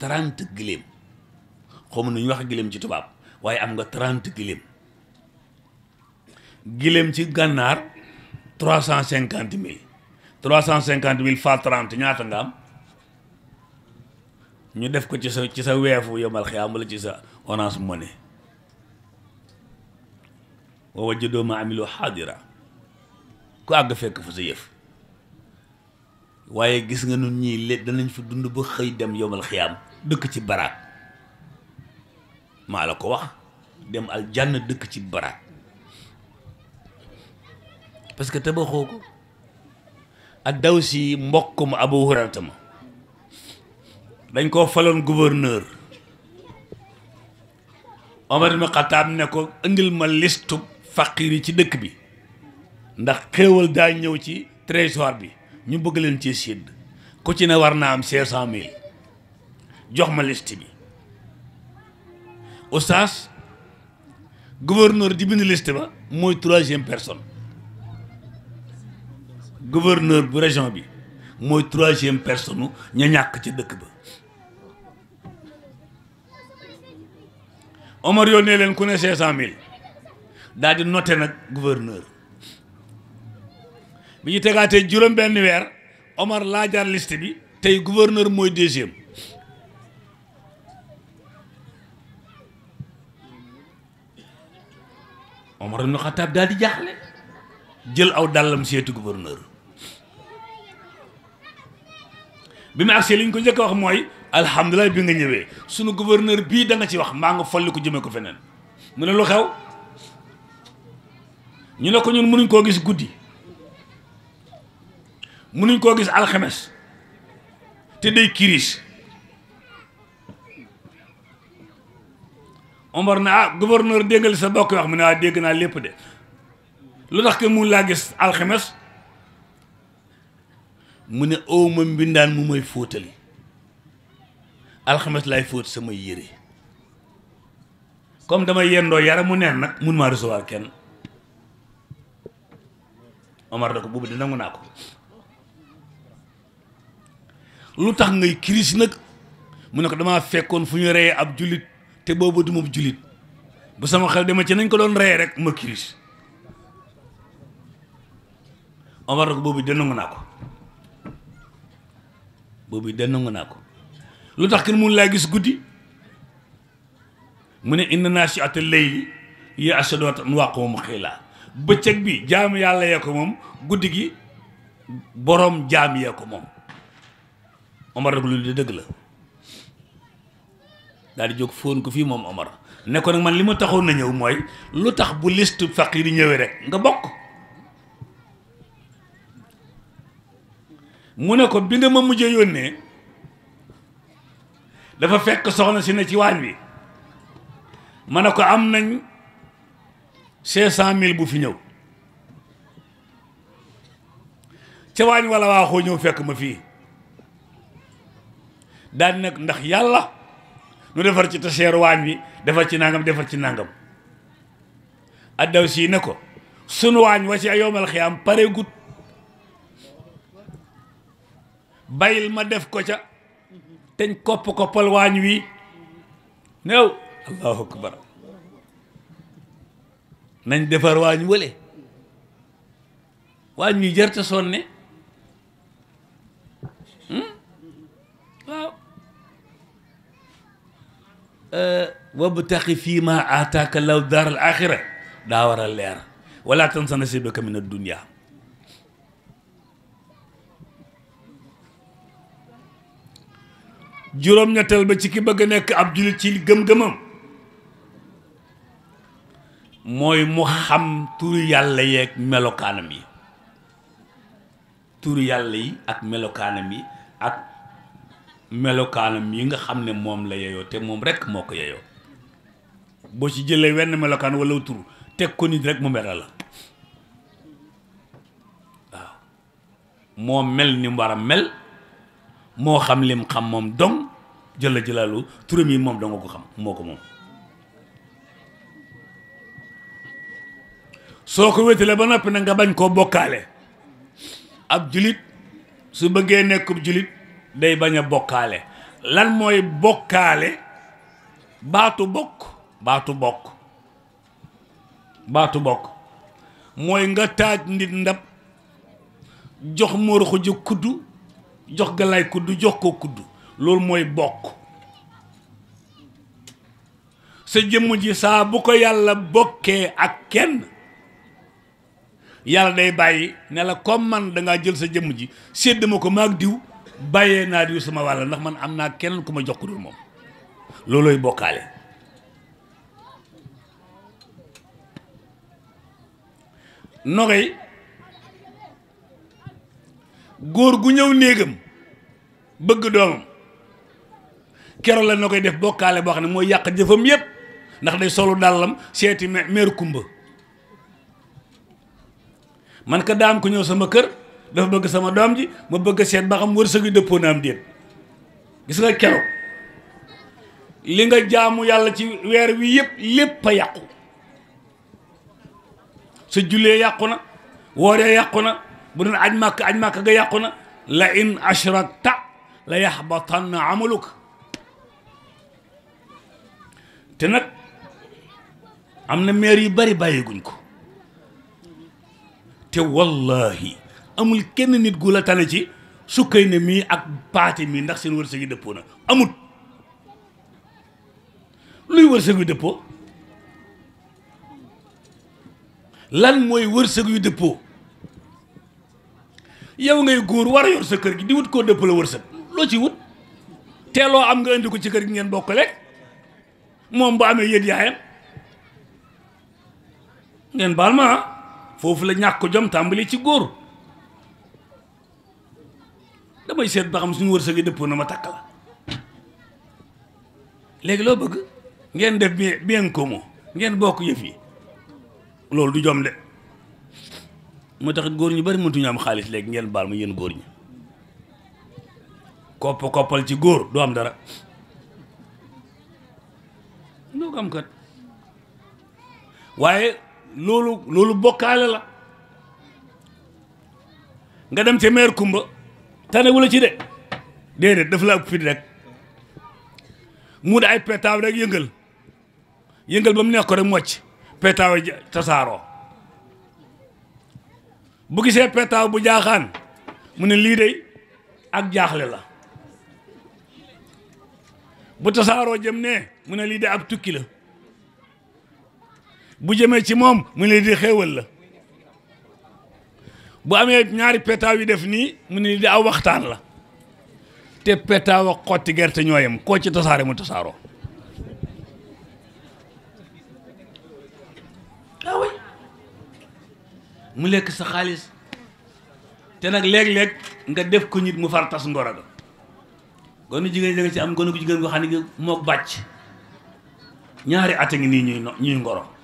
trente gëléem xaw ma nu ñu wax gëléem ci tubaab waaye am nga trente giléem giléem ci gànnaar trois cent cinquante mille trois cent cinquante mille fa trente ñaata nga am ñu def ko ci sa ci sa weefu yomal xiyaam wala ci sa Orange Money wa wajadoo ma xaadira ku àgg fekk fa sa yëf waaye gis nga nu ñii léegi danañ fa dund ba xëy dem yomal xiyaam dëkk ci baraag maa la ko wax dem aljanna dëkk ci baraat parce que tabaxoo ko ak daw si mbokk ma Abu Hurayrata ma dañ koo faloon gouverneur Omar ibn Xattaab ne ko indil ma listu faqiir yi ci dëkk bi ndax xéewal daa ñëw ci trésor bi ñu bëgg leen ci sédd ku ci ne war naa am cinq cent jox ma liste bi oustaz gouverneur di bind liste ba mooy troisième personne gouverneur bu région bi mooy troisième personne ña ñàkk ca dëkk ba Omar yónnee leen ku ne cinq cent mille daal di noté nag gouverneur bi ñu tegaatee juróom benn weer Omar laajaar liste bi tey gouverneur mooy deuxième Omar ibn Khattab daal di jaaxle jël aw dàllam seetu gouverneur bi ma agsee li ñu ko njëkk a wax mooy alhamdulilah bi nga ñëwee sunu gouverneur bii da nga ci wax maa nga folli ko jëmee ko feneen mu ne lu xew ñu ne ko ñun mënuñ koo gis guddi nuñ koo gis alxemes te day kiris Omar na ah gouverneur déggal sa bokk wax mu ne ah dégg naa lépp de lu tax ke mun laa gis alxemes mu ne aw oh, ma mbindaan mu may fóotali alxames laay fóot sama yére comme damay yendoo yara mu neex nag mun maa recevoir kenn Omar da ko boobu di nangu naa ko lu tax ngay crise nag mu ne ko damaa fekkoon fu ñu reyee ab jullit te boobu du moom julit bu sama xel dema ci nañ ko doon reye rek ma kiris Omar na ko boobu denangu naa ko boobu denangu naa ko lu tax kenn mun laa gis guddi mu ne inna naasi'ata layli hiya ashaddu wat'an wa aqwamu qiila bëccëg bi jaam yàlla yee ko moom guddi gi boroom jaam yee ko moom Omar na ko lu di dëgg la daal di jóg fóon ko fii moom Omar ne ko nag man li ma taxoon na ñëw mooy lu tax bu liste faqir yi ñëwee rek nga bokk mu ne ko bi nga ma mujjee yónnee dafa fekk soxna si ne ci waañ wi ma ne ko am nañ cinq cent mille bu fi ñëw ca waañ wala waaxoo ñëw fekk ma fii daal nag ndax yàlla nu defar ci taseer waañ wi defar ci nangam defar ci nàngam addaw sii ne ko sunu waañ wa ci yowmal xiyaam pare gut bayil ma def ko ca teñ kopp koppal waañ wi new allahu akbar nañ defar waañ wële waañ wi jërte sonne hmm? wabtaxi fii maa aataaka law daaral axira daa war a leer wala tansa nasiibaka min ad-dunya juróom-ñettel ba ci ki bëgg a nekk ab jullit ci gëm-gëmam mooy mu xam turu yàlla yi ak melokaanam yi turu yàlla yi ak melokaanam yi ak melokaanam yi nga xam ne moom la yeyoo te moom rek moo ko yeyoo boo ci jëlee wenn melokaan wala tur teg ko nit rek mu mere la waaw moo mel ni mu war mel moo xam lim xam moom dong jëla jëlalu turam yi moom dong ko xam moo ko moom soo ko wéetalee ba noppi nag nga bañ koo bokkaale ab julit su bëggee nekkub julit day bañ a bokkaale lan mooy bokkaale baatu bokk baatu bokk baatu bokk mooy nga taaj nit ndab jox moroxu xuj kuddu jox galay kuddu jox ko kuddu loolu mooy bokk sa jëmm ji saa bu ko yàlla bokkee ak kenn yàlla day bàyyi ne la comme man dangaa jël sa jëmm ji sédd ma ko maag diw bàyyee naa diw sama wàll ndax man am naa kenn ku ma jox ko dul moom loolooy bokkaale nogay góor gu ñëw léegam bëgg doomam kero la nogay def bokkaale boo xam ne mooy yàq jëfam yépp ndax day solu dàllam seeti meer kumba man ka daam ku ñëw sama kër dafa bëgg sama doom ji ma bëgg seet ba xam wërsëg yu dëppoo am déet gis nga keroog li nga jaamu yàlla ci weer wi yëpp lépp a yàqu sa jullee yàqu na wooree yàqu na bu doon aj màkk aj màkk ga yàqu na la in ashrakta la te nag am na meer yu bari bàyyiguñ ko te wallahi amul kenn nit gu la tane ci sukkay ne mii ak paate mii ndax seen wërsëg yi dëppoo na amut luy wërsëg yu dëppoo lan mooy wërsëg yu dëppoo yow ngay góor war a yor sa kër gi di wut koo dëpp la wërsëg loo ci wut teeloo am nga indi ko ci kër gi ngeen bokk lekk moom bu amee yët yaayam ngeen baal ma foofu la ñàkk ko jom tàmbali ci góor damay seet ba xam suñu wërsëg yi dëppoo na ma takk la léegi loo bëgg ngeen def bien bien commun ngeen bokk yëf yi loolu du jom de moo tax góor ñu bari mëntuñu am xaalis léegi ngeen baal ma yéen góor ñi kopp koppal ci góor du am dara doo ko am kat waaye loolu loolu bokkaale la nga dem ca meer Kumba tane wala ci de déedéet daf laa fit rek mu da ay pétaaw rek yëngal yëngal ba mu neex ko rek mocc pétaaw tasaaroo bu gisee pétaaw bu jaaxaan mu ne lii de ak jaaxle la bu tasaaroo jëm ne mu ne lii de ab tukki la bu jëmee ci moom mu ne lii de xéewal la bu amee ñaari petaaw yu def nii mu ne di aw waxtaan la te petaaw xotti gerte ñooyam koo ci tasaare mu tasaaroo waaw ah mu lekk sa xaalis te nag léeg-léeg nga def ko nit mu far tas ngoro ga gonu jigéen da nga ci am gonu jigéen goo xam ne mook bàcc ñaari at ngi nii ñuy ñuy ngoro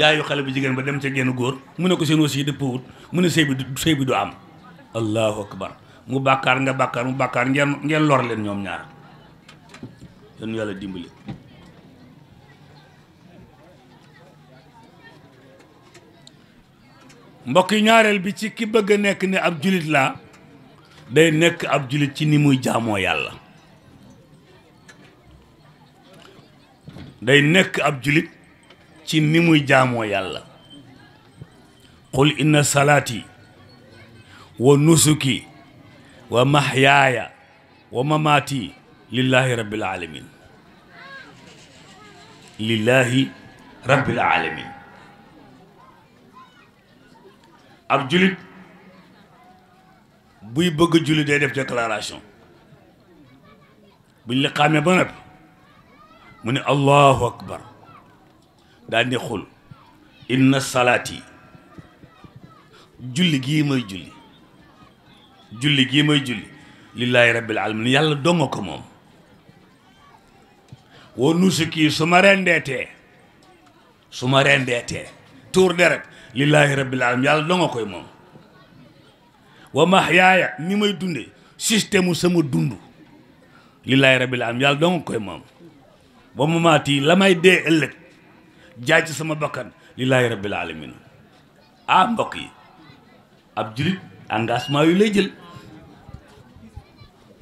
yaayu xale bi jigéen ba dem ca genn góor mu ne ko seen aussi dëpp wut mu ne sëy bi du am allahu akbar mu bàkkaar nga bàkkaar mu bàkkaar ngeen ngeen lor leen ñoom ñaar yéen yàlla dimbali mbokk yi ñaareel bi ci ki bëgg a nekk ne ab julit laa day nekk ab julit ci ni muy jaamoo yàlla day nekk ab julit ci ni muy jaamoo yàlla qul inna salaati wa nusuki wa mahyaaya wa mamaati lillahi rabbil alamin lillahi ab julit buy bëgg a julli def déclaration buñ la xàmmee mu ne allahu akbar daal di xul inna salaati julli gii may julli julli gii may julli lillaahi rabbil alamin yàlla donga ko moom woo nusuki su ma rendeetee su ma rendeetee tuur deret lillaahi rabbil alamin yàlla donga koy moom wa mahyaaya ni may dunde système sama dund lillaahi rabbil alamin yàlla donga la may dee ëllëg jaay ci sama bakkan lillaahi rabbil alamin ah mbokk yi ab julit engagement yu lay jël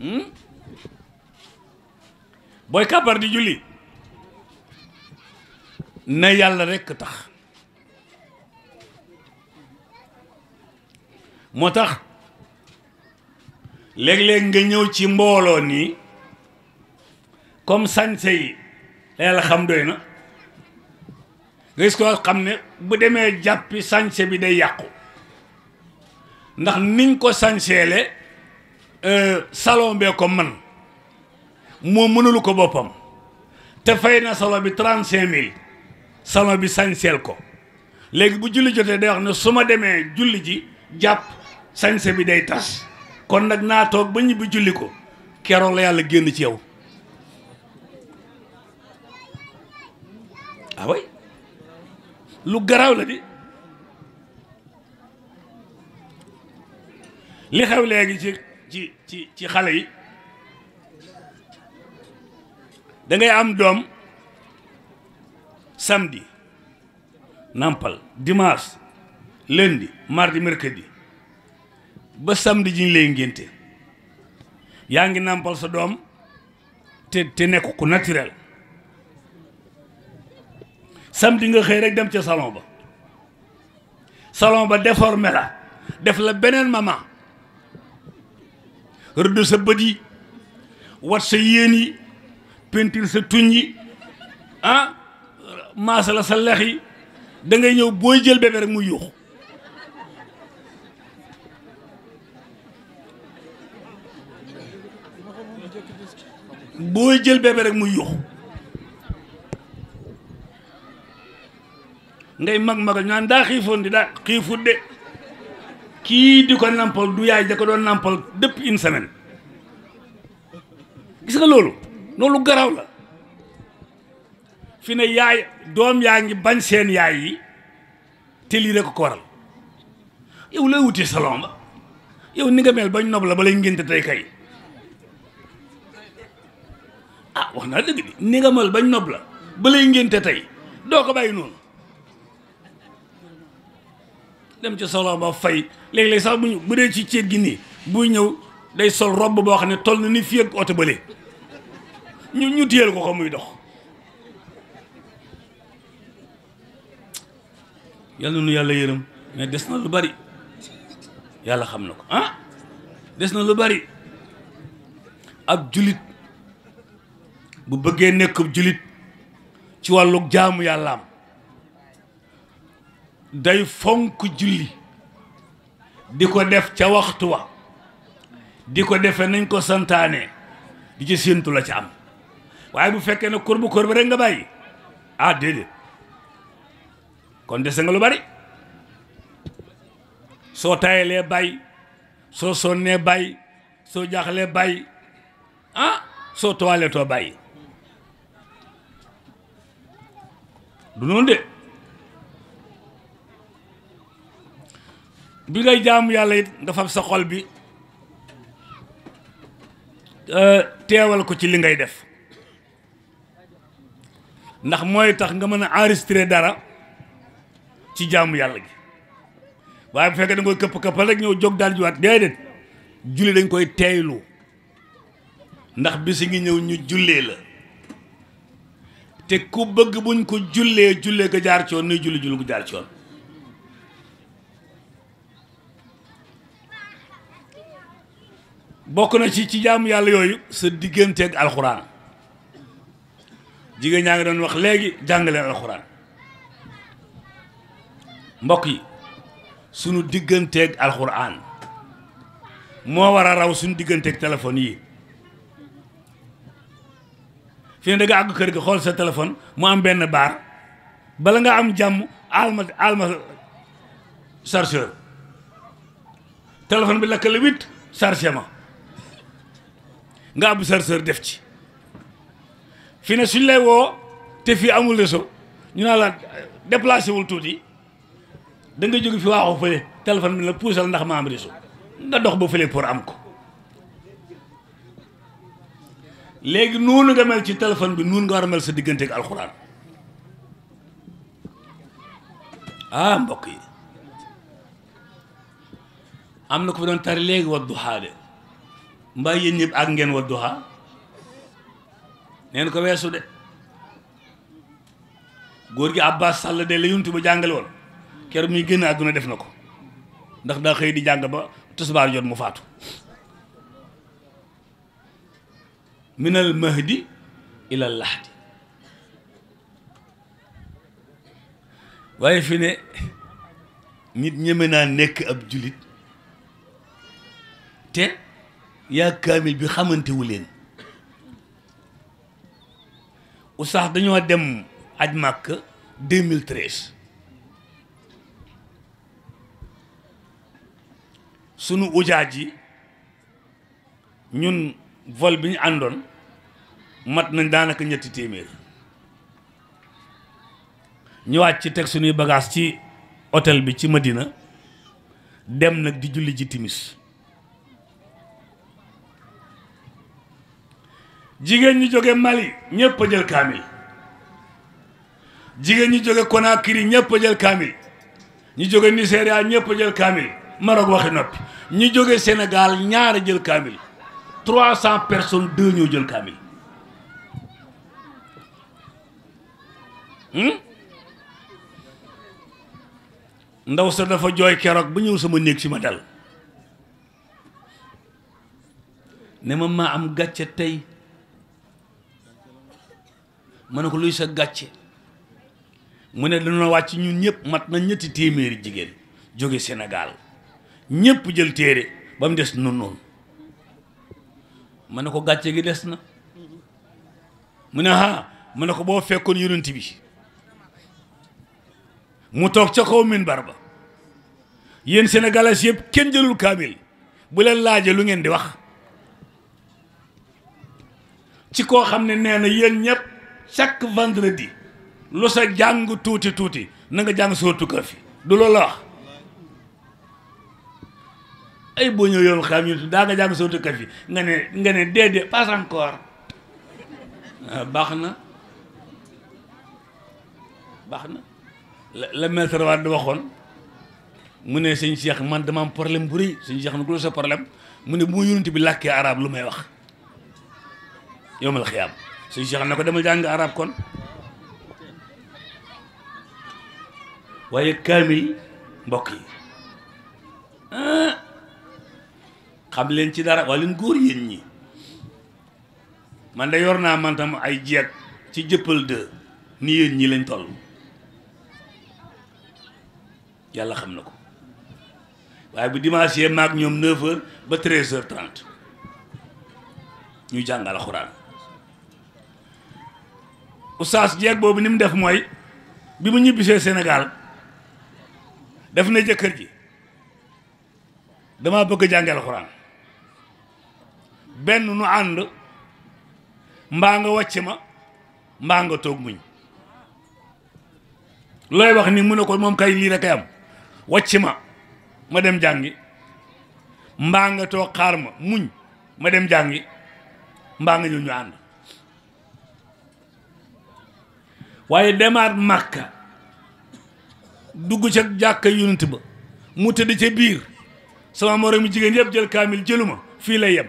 hmm? booy kàbbar di julli na yàlla rekk tax moo tax léeg-léeg nga ñëw ci mbooloo nii comme sañse yi la yàlla xam doy na nga gis koo xam ne bu demee jàppi sañse bi day yàqu ndax niñ ko sañseele euh, salon bee ko man moo mënulu ko boppam te fay na salon bi trente cinq mille salon bi sañseel ko léegi bu julli jotee day wax ne su ma demee julli ji jàpp sañse bi day tas kon nag naa toog ba ñibbi julli ko keroog la yàlla génn ci yow ah lu garaaw la di li xew léegi ci ci ci xale yi dangay am doom samedi nampal dimanche lundi mardi mercredi ba samedi ji ñu ngénte yaa ngi nampal sa doom te te nekk ku naturel samedi nga xëy rek dem ca salon ba salon ba déformé la def la beneen maman rëdd sa bët yi wat sa yéen yi peinture sa tuñ yi ah maasa la sa lex yi da ngay ñëw booy jël bébé rek mu yuux booy jël bébé rek mu yuux ngay mag-magal ñu naan daa xiifoon di daa xiifut de kii di ko nampal du yaay da ko doon nampal depuis une semaine gis nga loolu loolu garaw la fi ne yaay doom yaa ngi bañ seen yaay yi te lii rek ko waral yow lay wuti salon ba yow ni nga mel bañ nob la ba lay ngénte tey ah, wax naa dëgg nga mel bañ nob la ba lay ngénte tey doo ko bàyyi noonu dem ci solo ba fay léeg-léeg sax bu ñu bu dee ci ceet gi nii buy ñëw day sol robb boo xam ne toll na ni fii ak oto bële ñu ñu téyel ko ko muy dox yàlla nu yàlla yërëm mais des na lu bari yàlla xam na ko ah des na lu bari ab julit bu bëggee nekk julit ci wàllu jaamu yàllaam day fonk julli di ko def ca waxtu wa di ko defe nañ ko santaane di ci séentu la ca am waaye bu fekkee ne kur bu kur nga bàyyi ah déedéet kon dese nga lu bari soo tayalee bàyyi soo sonnee bàyyi soo jaxlee bàyyi ah soo toilettoo bàyyi du noonu de bi ngay jaamu yàlla it nga fab sa xol bi e, teewal ko ci li ngay def ndax mooy tax nga mën a enregistrer dara ci jaamu yàlla gi waaye bu fekkee da nga koy këpp-këppal rek ñëw jóg daal juwaat déedéet julli dañ koy teeylu ndax bisi ngi ñëw ñu jullee la te ku bëgg buñ ko jullee jullee ko jaar coon nuy julli julli ko jaar coon bokk na ci ci jàmm yàlla yooyu sa digganteeg alxuraan jigéen ñaa ngi doon wax léegi jàngaleen alxuraan mbokk yi sunu digganteeg alxuraan moo war a raw suñu digganteeg téléphone yi fi ne da àgg kër gi xool sa téléphone mu am benn baar bala nga am jàmm alma alma chargeur téléphone bi lakkale huit chargé ma nga ab sarsar def ci fi ne suñ lay woo te fii amul réseau ñu naa la déplacé wul tuuti da nga jóge fi waaxu fële téléphone bi la puusal ndax ma am nga dox ba fële pour am ko léegi noonu nga mel ci téléphone bi noonu nga war a mel sa diggante ak alxuraan ah mbokk yi am na ko fi doon tari léegi wa duhaa mbaa yéen ñëpp ak ngeen Wadduha neen ko weesu de góor gi Abbas Sall de la yuntu ba jàngale woon keroog muy génn àdduna def na ko ndax daa xëy di jàng ba tisbaar jot mu faatu minal mahdi ilal lahdi waaye fi ne nit ñeme naa nekk ab julit te yaa bi xamantewu leen oustaz dañoo dem aj màkk 2013 sunu ujaaj yi ñun vol bi ñu àndoon mat nañ daanaka ñetti téeméer ñu wàcc ci teg suñuy bagage ci hôtel bi ci Madina dem nag di julli ji timis jigéen ñu jóge Mali ñëpp a jël kaamil jigéen ñi jóge Conakry ñëpp jël kaamil ñi jóge Nigéria ñëpp a jël kaamil Maroc waxi noppi ñu jóge Sénégal ñaar a jël kaamil cent personnes deux ñoo jël kaamil hmm? ndaw sa dafa jooy keroog ba ñëw sama néeg ci ma dal ne ma maa am gàcce tey ma ne ko luy sa gàcce mu ne dañoo wàcc ñun ñëpp mat na ñetti téeméeri jigéen jóge Sénégal ñépp jël téere ba mu des nun noonu ma ne ko gàcce gi des na mu ne ah mu ne ko boo fekkoon yonent bi mu toog ca kaw bar ba yéen sénégalais yëpp kenn jëlul kaamil bu leen laaje lu ngeen di wax ci koo xam ne nee na yéen ñëpp chaque vendredi lu sa jàng tuuti tuuti na nga jàng sóortu Kahfi du loolu la wax ay boo ñëw yow xam ñu daa ah, baax na baax na la maître Wade waxoon mu ne sëñ Cheikh man dama am problème bu rëy sëñ Cheikh na ko sa problème mu ne bu ma yonent bi làkkee arab lu may wax yow ma la suñ Cheikh na ko dama jàng arab kon waaye kaamil mbokk yi ah, xam leen ci dara wàllum góor yéen ñi man de yor naa man tam ay jeeg ci jëppal de ni yéen ñi lañ toll yàlla xam na ko waaye bu dimanche maag ñoom 9h ba 13h30 ñu jàngal alxuraan oustaz jeeg boobu ni mu def mooy bi mu ñibbisee Sénégal def na jëkkër ji dama bëgg jànge alxuraan benn nu ànd mbaa nga wacc ma mbaa nga toog muñ looy wax ni mu ne ko moom kay lii rek kay am wàcc ma ma dem jàngi mbaa nga toog xaar ma muñ ma dem jàngi mbaa nga ñëw ñu ànd waaye demaat màkka dugg ca jàkka yonent ba mu tëdd ca biir sama moromu jigéen yëpp jël kaamil jëluma fii lay yem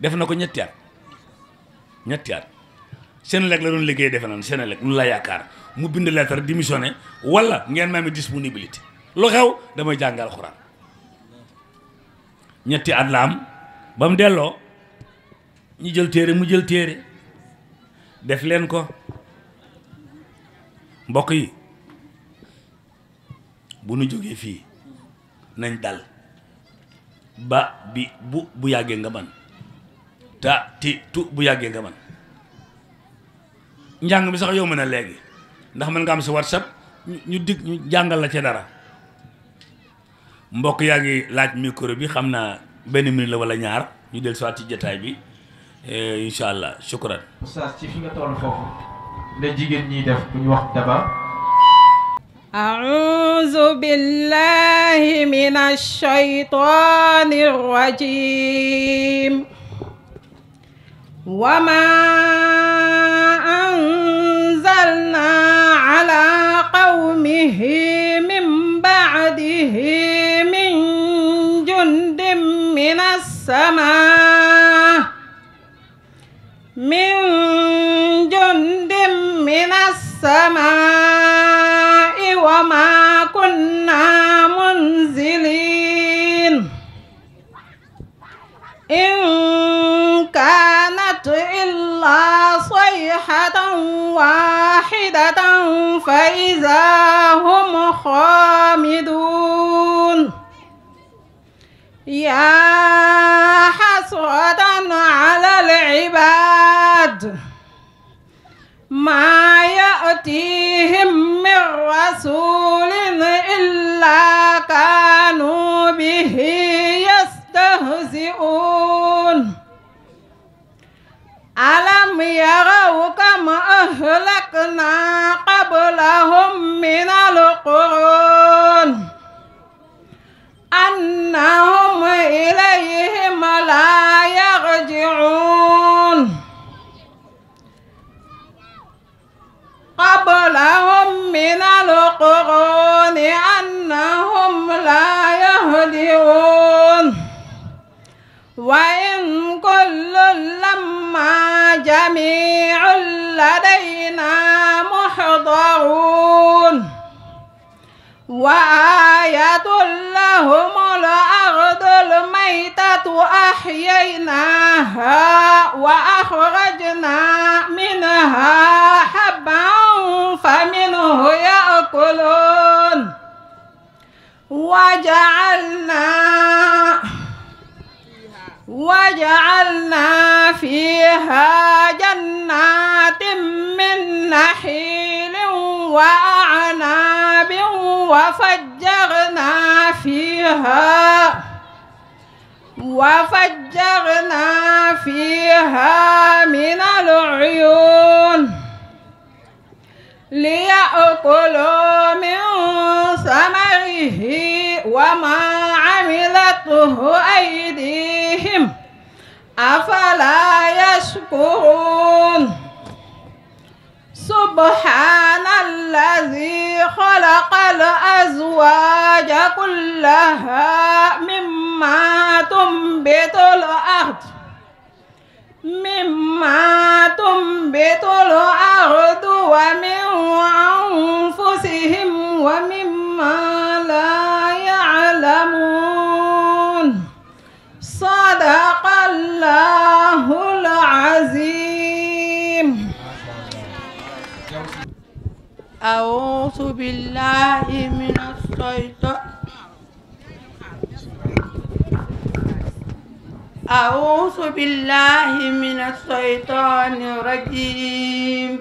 def na ko ñetti at ñetti at seen lekk la doon liggéey defe naan seen lekk lu la yaakaar mu bind lettre démissionné wala ngeen ma amee disponibilité lu xew damay jàngal xuraan ñetti at la am ba mu delloo ñu jël téere mu jël téere def leen ko mbokk yi bu nu jógee fii nañ dal ba bi bu bu yàggee nga man ta ti tu bu yàggee nga man njàng bi sax yow mën a léegi ndax mën nga am si whatsapp ñu dig ñu jàngal la ca dara mbokk yaa ngi laaj micro bi xam naa benn minute la wala ñaar ñu del soit ci jataay bi Eh, incha allah shukran. oustaz ci fi nga toll foofu la jigéen ñiy def bu ñu wax daba. أعوذ بالله من الشيطان الرجيم وما أنزلنا على قومه من بعده من جند من السماء من جند من السماء وما كنا منزلين إن كانت إلا صيحة واحدة فإذا هم خامدون يا حسرة على العباد ما يأتيهم من رسول إلا كانوا به يستهزئون ألم يروا كم أهلكنا قبلهم من القرون أنهم إليهم لا يرجعون قبلهم من القرون أنهم لا يهدئون وإن كل لما جميع لدينا محضرون وآية لهم الأرض الميتة أحييناها وأخرجنا منها حبا فمنه يأكلون وجعلنا وجعلنا فيها جنات من نحيل وأعناب وفجرنا فيها وفجرنا فيها من العيون ليأكلوا من ثمره وما عملته أيديهم أفلا يشكرون سبحان الذي خلق الأزواج كلها مما تنبت الأرض مما تنبت الأرض ومن أنفسهم ومما لا يعلمون صدق الله العظيم أعوذ بالله من الشيطان أعوذ بالله من الشيطان الرجيم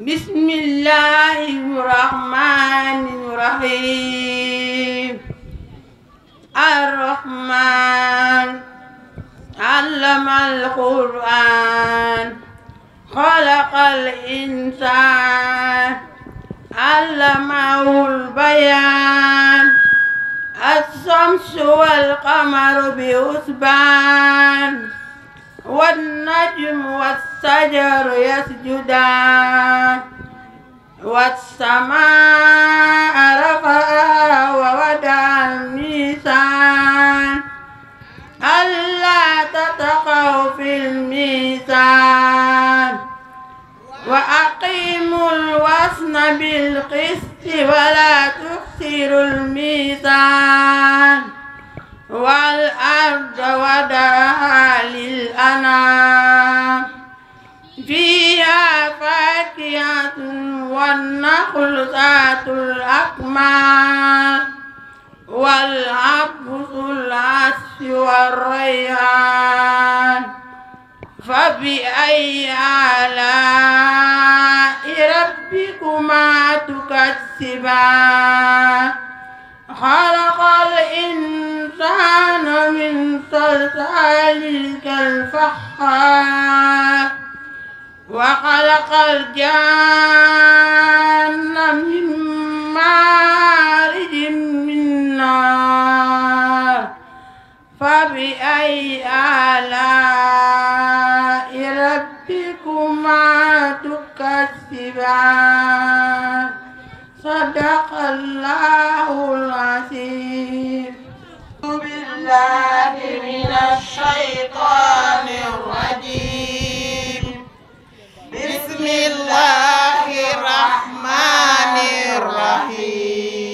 بسم الله الرحمن الرحيم الرحمن علم القرآن خلق الإنسان علمه البيان الشمس والقمر بحسبان والنجم والشجر يسجدان والسماء رفعها ووضع الميزان ألا تتقوا في الميزان وأقيموا الوزن بالقسط ولا تخسروا الميزان والأرض ودعا للأنام فيها فاكهة والنخل ذات الأكمام والعبس العس والريحان فبأي آلاء ربكما تكذبان خلق الإنسان من صلصال كالفخار وخلق الجان من مارج من نار فبأي آلاء ربكما تكذبان صدق الله العظيم أعوذ بالله من الشيطان الرجيم بسم الله الرحمن الرحيم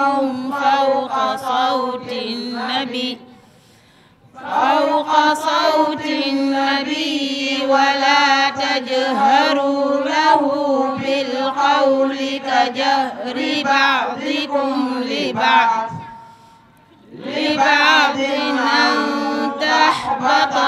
صوتهم فوق صوت النبي فوق صوت النبي ولا تجهروا له بالقول كجهر بعضكم لبعض لبعض أن تحبط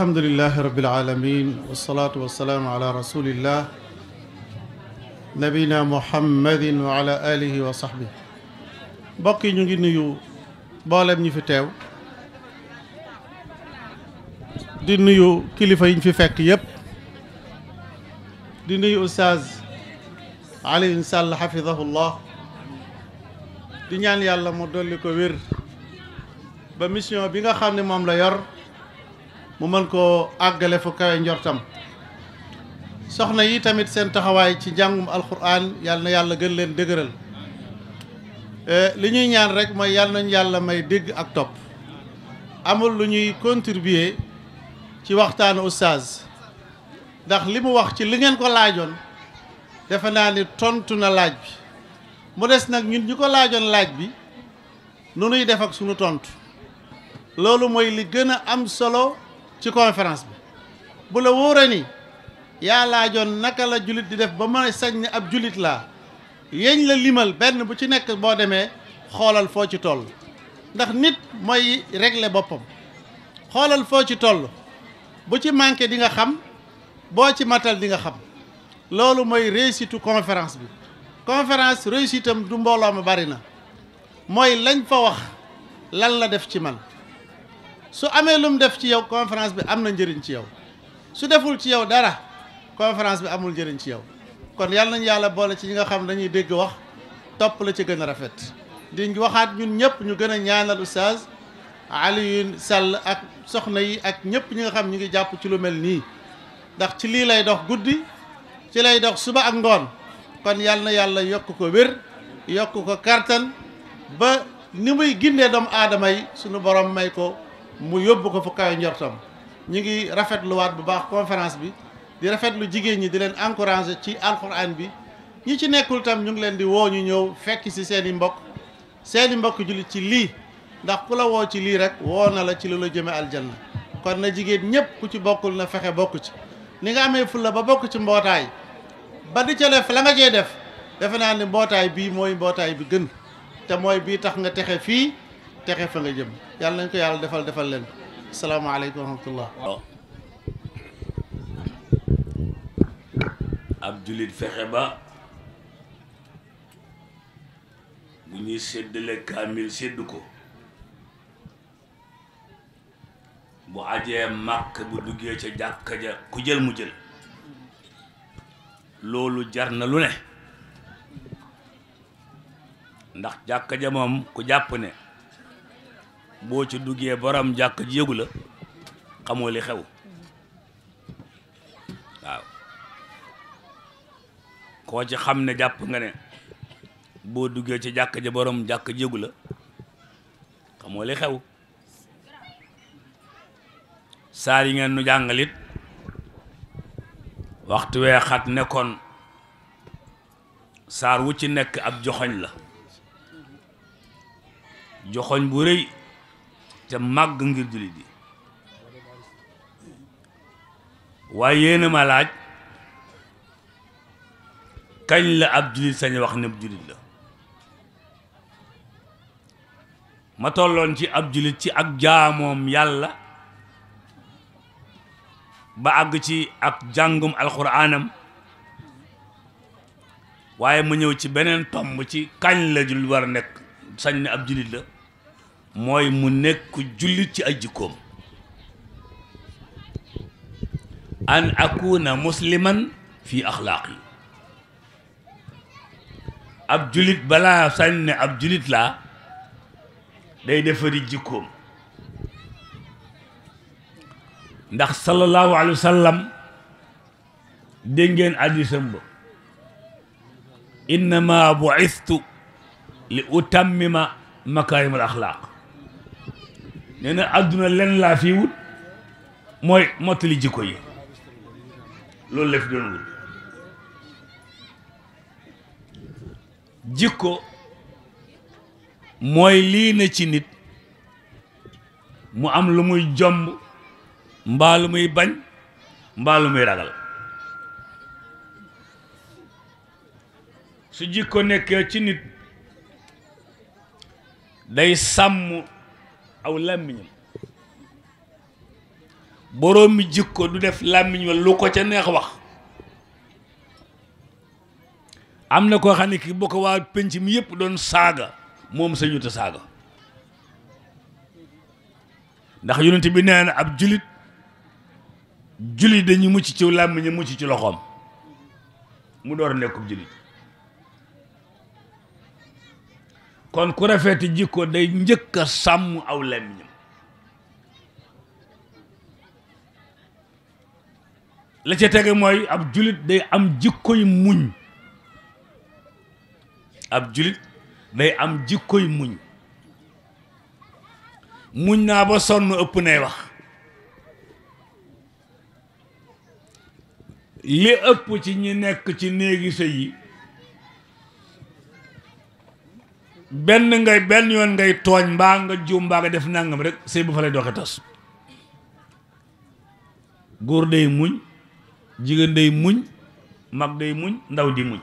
alhamdulilahi rabil alamin wasalaatu wasalaamu ala rasulillah nabina muhammadin wa ala alihi wa sahbi mbokk yi ñu ngi nuyu mboolem ñu fi teew di nuyu kilifa yi ñu fi fekk yépp di nuyu ustaaz Alioune Sall xafidahullah di ñaan yàlla mu dolli ko wér ba mission bi nga xam ne moom la yor mu mën koo àggale fu kawe njortam soxna yi tamit seen taxawaay ci njàngum alxuraan yàlla na yàlla gën leen dëgëral e, li ñuy ñaan rek mooy yàlla nañu yàlla may dégg ak topp amul lu ñuy contribuer ci waxtaanu oustaz ndax li mu wax ci li ngeen ko laajoon defe naa ni tontu na laaj bi mu des nag ñun ñu ko laajoon laaj bi nu nuy def ak sunu tontu loolu mooy li gën a am solo. ci conférence bi bu la wóoree ni yaa laajoon naka la jullit di def ba mën sañ ne ab jullit laa yeñ la limal benn bu ci nekk boo demee xoolal foo ci toll ndax nit mooy régler boppam xoolal foo ci toll bu ci manqué di nga xam boo ci matal di nga xam loolu mooy réussite conférence bi conférence réussite am du mbooloo ma bari na mooy lañ fa wax lan la def ci man su amee lu mu def ci yow conférence bi am na njëriñ ci yow su deful ci yow dara conférence bi amul njëriñ ci yow kon yàlla nañu yàlla boole ci ñi nga xam dañuy dégg wax topp la ci gën a rafet di waxaat ñun ñëpp ñu gën a ñaanal oustaz Alioune Sall ak soxna yi ak ñëpp ñi nga xam ñu ngi jàpp ci lu mel nii ndax ci lii lay dox guddi ci lay dox suba ak ngoon kon yàlla na yàlla yokk ko wér yokk ko kartan ba ni muy gindee doomu aadama yi suñu borom may ko mu yóbbu ko fu kawe njortam ñu ngi rafetluwaat bu baax conférence bi di rafetlu jigéen ñi di leen encourager ci alxuraan bi ñi ci nekkul tam ñu ngi leen di woo ñu ñëw fekk si seen i mbokk seen i mbokk jullit ci lii ndax ku la woo ci lii rek woo na la ci lu la jëme aljanna kon na jigéen ñëpp ku ci bokkul na fexe bokk ci li nga amee fulla ba bokk ci mbootaay ba di ca def la nga cee def defe naa ne mbootaay bii mooy mbootaay bi gën te mooy bii tax nga texe fii texe fa nga jëm yàlla nañ ko yàlla defal defal leen salaamaaleykum wa rahmatullah ab jullit fexe ba bu ñuy séddale kaamil sedd ko bu ajee màkk bu duggee ca jàkka ja ku jël mu jël loolu jar na lu ne ndax jàkka ja moom ku jàpp ne boo ci duggee boroom jàkk ji yëgu la xamoo li xew waaw koo ci xam ne jàpp nga ne boo duggee ci jàkk ji boroom jàkk ji yëgu la xamoo li xew saar yi ngeen nu jàngalit waxtu wee xat nekkoon saar wu ci nekk ab joxoñ la joxoñ bu rëy ca màgg ngir jullit yi waaye yéena ma kañ la ab jullit sañ wax ne ab jullit la ma tolloon ci ab jullit ci ak jaamoom yàlla ba àgg ci ak jàngum alxuraanam waaye mu ñëw ci beneen tomb ci kañ la jullit war a nekk sañ ne ab julit la mooy mu nekk jullit ci ay jikkoom an akuna musliman fi axlaaqi ab jullit balaa sañ ne ab jullit la day defari jikkoom ndax sallallahu alayhi wa sallam dégg ngeen hadiisam ba innama bu'istu li utammima makaarim al axlaaq nee na àdduna len laa fii wut mooy mottali jikko yi loolu la fi doon wut jikko mooy lii na ci nit mu am lu muy jomb mbaa lu muy bañ mbaa lu muy ragal su jikko nekkee ci nit day sàmm aw làmmiñam boroom mi jikko du def làmmiñ wa lu ko ca neex wax am na koo xam ki boo ko waa penc mi yëpp doon saaga moom sañu ta saaga ndax yonent bi nee na ab julit julit dañuy mucc ci làmmiñam mucc ci loxoom mu door a nekkub julit kon ku rafet jikko day njëkk a sàmm aw làmmiñam li ca tege mooy ab julit day am jikkoy muñ ab julit day am jikko jikkoy muñ muñ naa ba sonn ëpp nay wax li ëpp ci ñi nekk ci néegi sëy yi benn ngay benn yoon ngay tooñ mbaa nga juum mbaa nga def nangam rek sëy bu fa lay doxe tas góor day muñ jigéen day muñ mag day muñ ndaw di muñ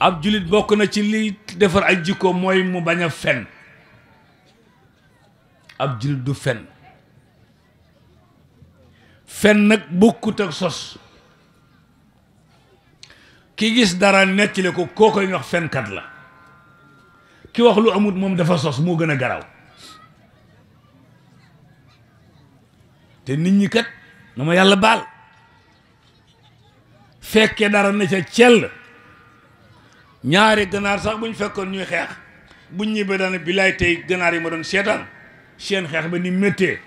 ab julit bokk na ci liy defar ay jikko mooy mu bañ a fen ab julit du fen fen nag bokkut ak sos ki gis dara nettile ko koo koy wax fenkat la ki wax lu amut moom dafa sos moo gën a garaw te nit ñi kat na yàlla baal fekke dara na ca cell ñaari ganaar sax ñu fekkoon ñuy xeex buñ ñibbee daana billaay tey ganaar yi ma doon seetaan seen xeex ba ni méttee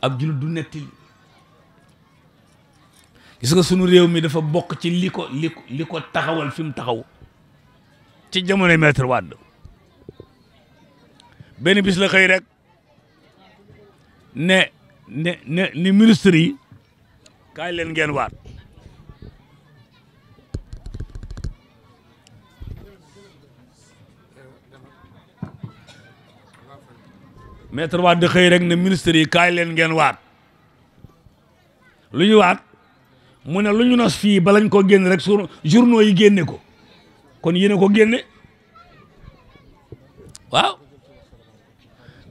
ab jullit du nettali gis nga sunu réew mi dafa bokk ci li ko li ko li ko taxawal fi mu taxaw ci jamono maître Wade benn bis la xëy rek ne ne ne yi kaay leen ngeen waat maître xëy rek ne ministre yi kaay leen ngeen waat lu ñu waat mu ne lu ñu nos fii ba lañ ko génn rek su journaux yi génne ko kon yéene ko génne waaw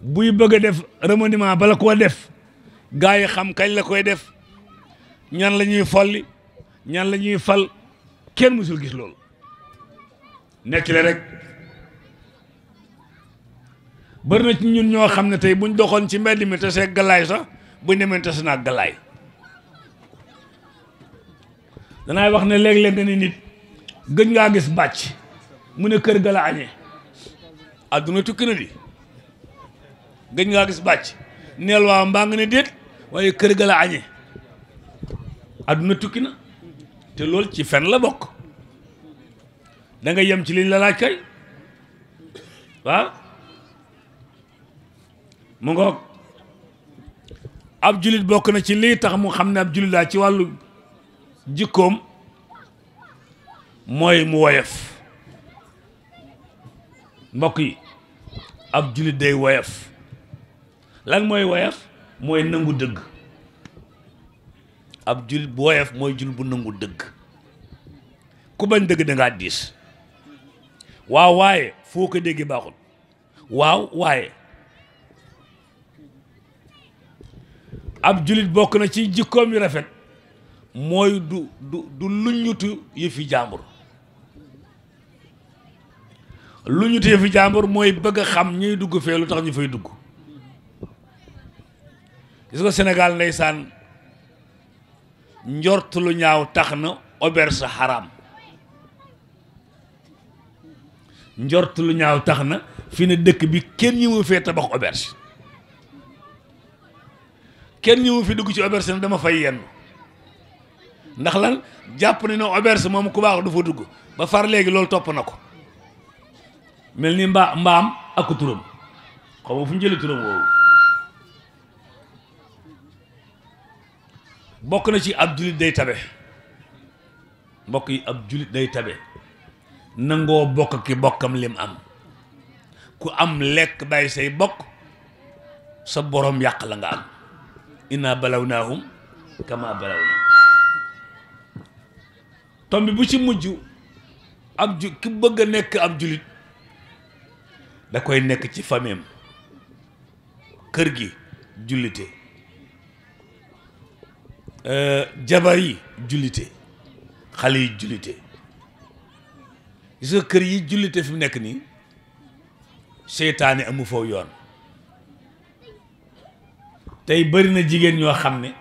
buy bëgg def remaniement bala koo def gaa yi xam kañ la koy def ñan la ñuy folli ñan la ñuy fal kenn musul gis loolu nekk le rek bari na ci ñun ñoo xam ne tey buñ doxoon ci mbedd mi te see galaay sax buñ demee tase naa galaay danaay wax ne léeg-léeg nga ne nit gëj ngaa gis bàcc mu ne kër ga la añee adduna tukki na di gëj ngaa gis bàcc neel waa mbaa nga ne déet waaye kër ga la adduna tukki na te loolu ci fen la bokk danga yem ci liñ la laaj kay mu ngoog ab julit bokk na ci lii tax mu xam ne ab julit laa ci wàllu jikkoom mooy mu woyof mbokk yi ab jullit day woyof lan mooy woyof mooy nangu dëgg ab jullit bu woyof mooy jullit bu nangu dëgg ku bañ dëgg da ngaa waaw waaye foo ko déggee baaxul waaw waaye ab jullit bokk na ci jikkoom yu rafet mooy du du du luñutu yëfi jàmbur luñutu yëfi jàmbur mooy bëgg a xam ñuy dugg fee lu tax ñu fay dugg gis senegal Sénégal ndeysaan njort lu ñaaw tax na auberge xaraam njort lu ñaaw tax na fi ne dëkk bi kenn ñi mu fee tabax auberge kenn ñi mu fi dugg ci auberge na dama fay yenn ndax lan jàpp ne ne auberge moom ku baax du fa dugg ba far léegi loolu topp na ko mel ni mbaa mbaam ak turam xaw ma fu jëlee turam woowu bokk na ci ab julit day tabe mbokk yi ab julit day tabe nangoo bokk ki bokkam lim am ku am lekk bàyyi say bokk sa boroom yàq la nga am inna balaw naahum kama balaw naa tom bu ci mujj ab ju ki bëgg a nekk ab julit da koy nekk ci fameem kër gi jullite euh, jabar yi jullite xale yi jullite gis nga kër yi jullite fi mu nekk nii seytaane amu foofu yoon tey bari na jigéen ñoo xam ne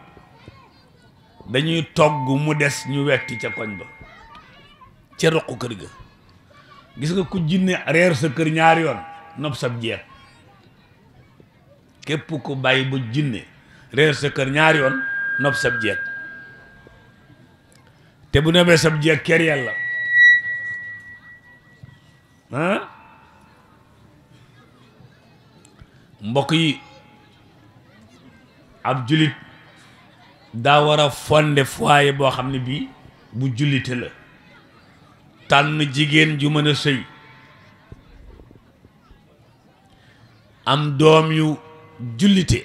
dañuy togg mu des ñu wetti ca koñ ba ca roq kër ga gis nga ku jinne reer sa kër ñaari yoon nopp sab jeex képp ku bàyyi ba jinne reer sa kër ñaar yoon nopp sab jeex te bu nebee sab jeex ker yàlla mbokk yi ab julit daa wara a fonde foyer boo xam ne bii bu julite la tànn jigéen ju mën a sëy am doom yu jullite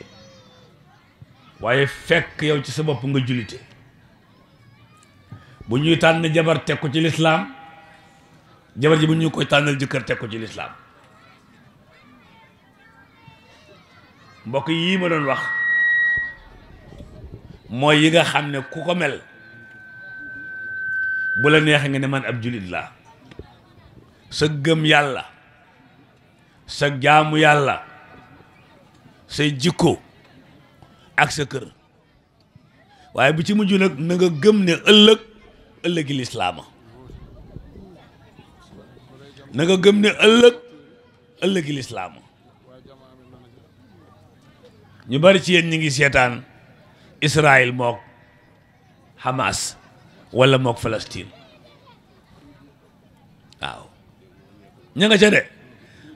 waaye fekk yow ci sa bopp nga jullite bu ñuy tànn jabar teg ko ci lislaam jabar ji bu ñu koy tànnal jëkkër teg ko ci lislaam mbokk yii ma doon wax mooy yi nga xam ne ku ko mel bu la neexee nga ne man ab julit laa sa gëm yàlla sa jaamu yàlla say jikko ak sa kër waaye bu ci mujj nag na nga gëm ne ëllëg ëllëgi lislaama gëm ne ëllëg ñu bari ci yéen ñu ngi seetaan Israël mook Hamas wala mook Palestine waaw ña nga ca de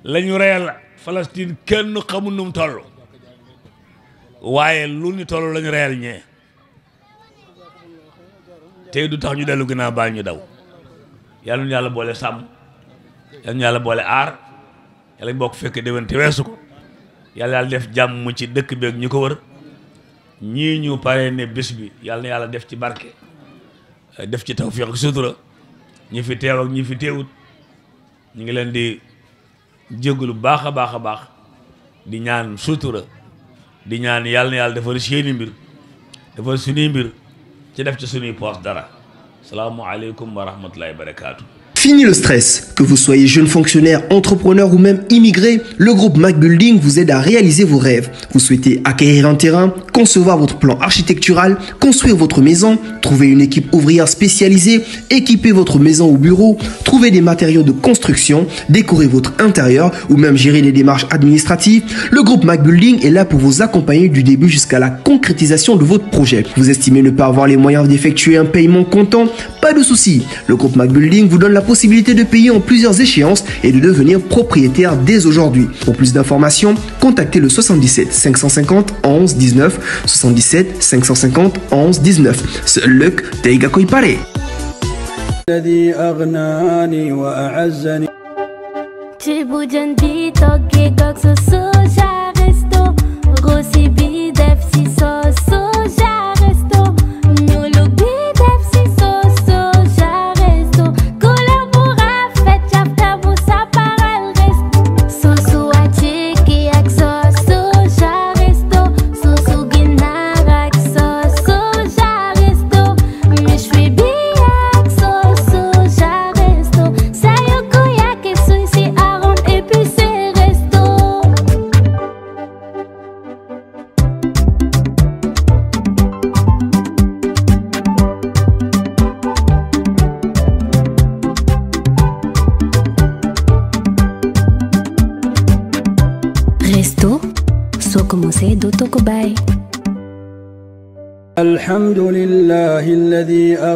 la ñu reyal Palestine kenn xamul nu mu toll waaye lu ñu toll lañu ñu reyal ñee tey du tax ñu dellu ginnaaw baax ñu daw yàlla ñu yàlla boole sàmm yàlla ñu yàlla boole aar yàlla ñu bokk fekk déwén te weesu ko yàlla yàlla def jàmm ci dëkk beeg ñu ko wër ñii ñu paree ne bés bi yàlla na yàlla def ci barke def ci tawfiq sutura ñi fi teew ak ñi fi teewut ñu ngi leen di jégalu baax a baax a baax di ñaan sutura di ñaan yàlla na yàlla defal seeni mbir defal suñuy mbir ci def ci sunuy poos dara salaamualeykum wa rahmatullahi wa barakaatu. Fini le stress. Que vous soyez jeune fonctionnaire, entrepreneur ou même immigré, le groupe Mac Building vous aide à réaliser vos rêves. Vous souhaitez acquérir un terrain, concevoir votre plan architectural, construire votre maison, trouver une équipe ouvrière spécialisée, équiper votre maison ou bureau, trouver des matériaux de construction, décorer votre intérieur ou même gérer les démarches administratives. Le groupe Mac Building est là pour vous accompagner du début jusqu'à la concrétisation de Pas de souci, le groupe MacBuilding vous donne la possibilité de payer en plusieurs échéances et de devenir propriétaire dès aujourd'hui. Pour plus d'informations, contactez le 77 550 11 19 77 550 11 19. C'est Luc Teigakoipare. الذي أغناني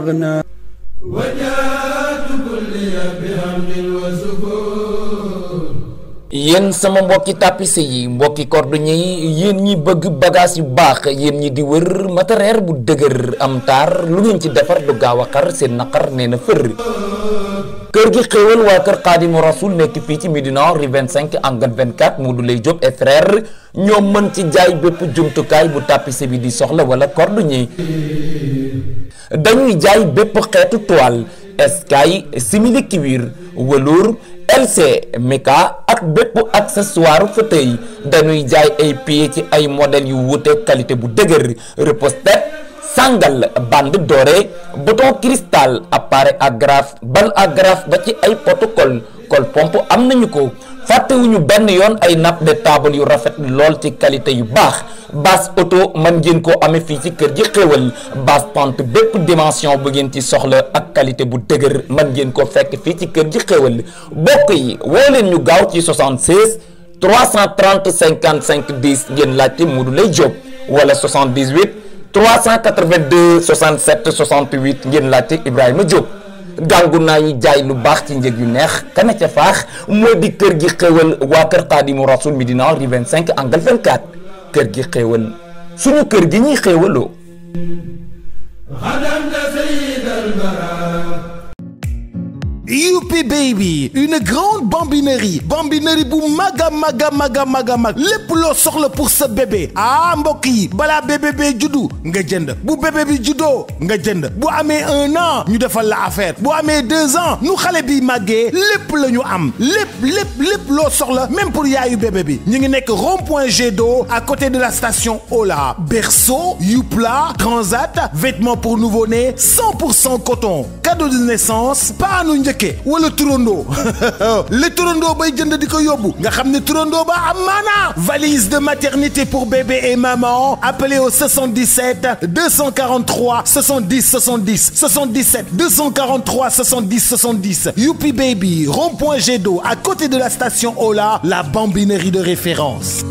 أغنى yéen sama mbokki tapissier yi mbokki cordonnier yi yéen ñi bëgg bagaas yu baax yéen ñi di wër matériel bu dëgër am taar lu ngeen ci defar du gaaw a xar seen naqar nee fër kër gi xéewal waa kër Xaadimu Rasuul nekk fii ci Médina rue 25 angle 24 Modou Lay Diop et frère ñoo mën ci jaay bépp jumtukaay bu tapissier bi di soxla wala cordonnier dañuy jaay bépp xeetu toile eskay simili cuir velours LC meka ak bépp accessoire fauteuil dañuy jaay ay pieds ci ay modèles yu wuute qualité bu dëgër repose-tête sangal bande dorée bouton cristal appareil agrafe bal agrafe ba ci ay protocole école pompe am nañu ko fàttewuñu benn yoon ay nappe de table yu rafet lool ci qualité yu baax base auto mën ngeen koo amee fii ci kër ji xéwal base pente bépp dimension bu ngeen ci soxla ak qualité bu dëgër man ngeen ko fekk fii ci kër ji xéwal bokk yi woo leen ñu gaaw ci 76 330 55 10 ngeen laajte Modou Lay Diop wala 78 382 67 68 ngeen laajte Ibrahima Diop. gàngu naa ñu jaay lu baax ci njëg yu neex kana ca faax moo di kër gi xéwal waa kër Xaadimu Rasul Médina rue 25 angle 24 kër gi su suñu kër gi ñuy xéwaloo. youpi baby une grande bambinerie bambinerie bu mag a mag a mag a mag a mag lépp loo soxla pour sa bébé ah mbokk yi balaa bébé bee juddu nga jënd bu bébé bi juddoo nga jënd bu amee un an ñu defal la affaire bu amee deux ans nu xale bi màggee lépp la ñu am lépp loo soxla même pour yaayu bébé bi ñu ngi nekk rond point Jet d'eau à côté de la station Ola berceau youpla transat vêtements pour nouveau-né 100 pour cent coton cadeau de naissance paanu njëkk njëkke wala turandoo le turandoo bay jënd di ko yóbbu nga xam ne turandoo ba am maanaa valise de maternité pour bébé et maman appelez au 77 243 70 70 77 243 70 70 youpi baby rond-point jet d'eau à côté de la station Ola la bambinerie de référence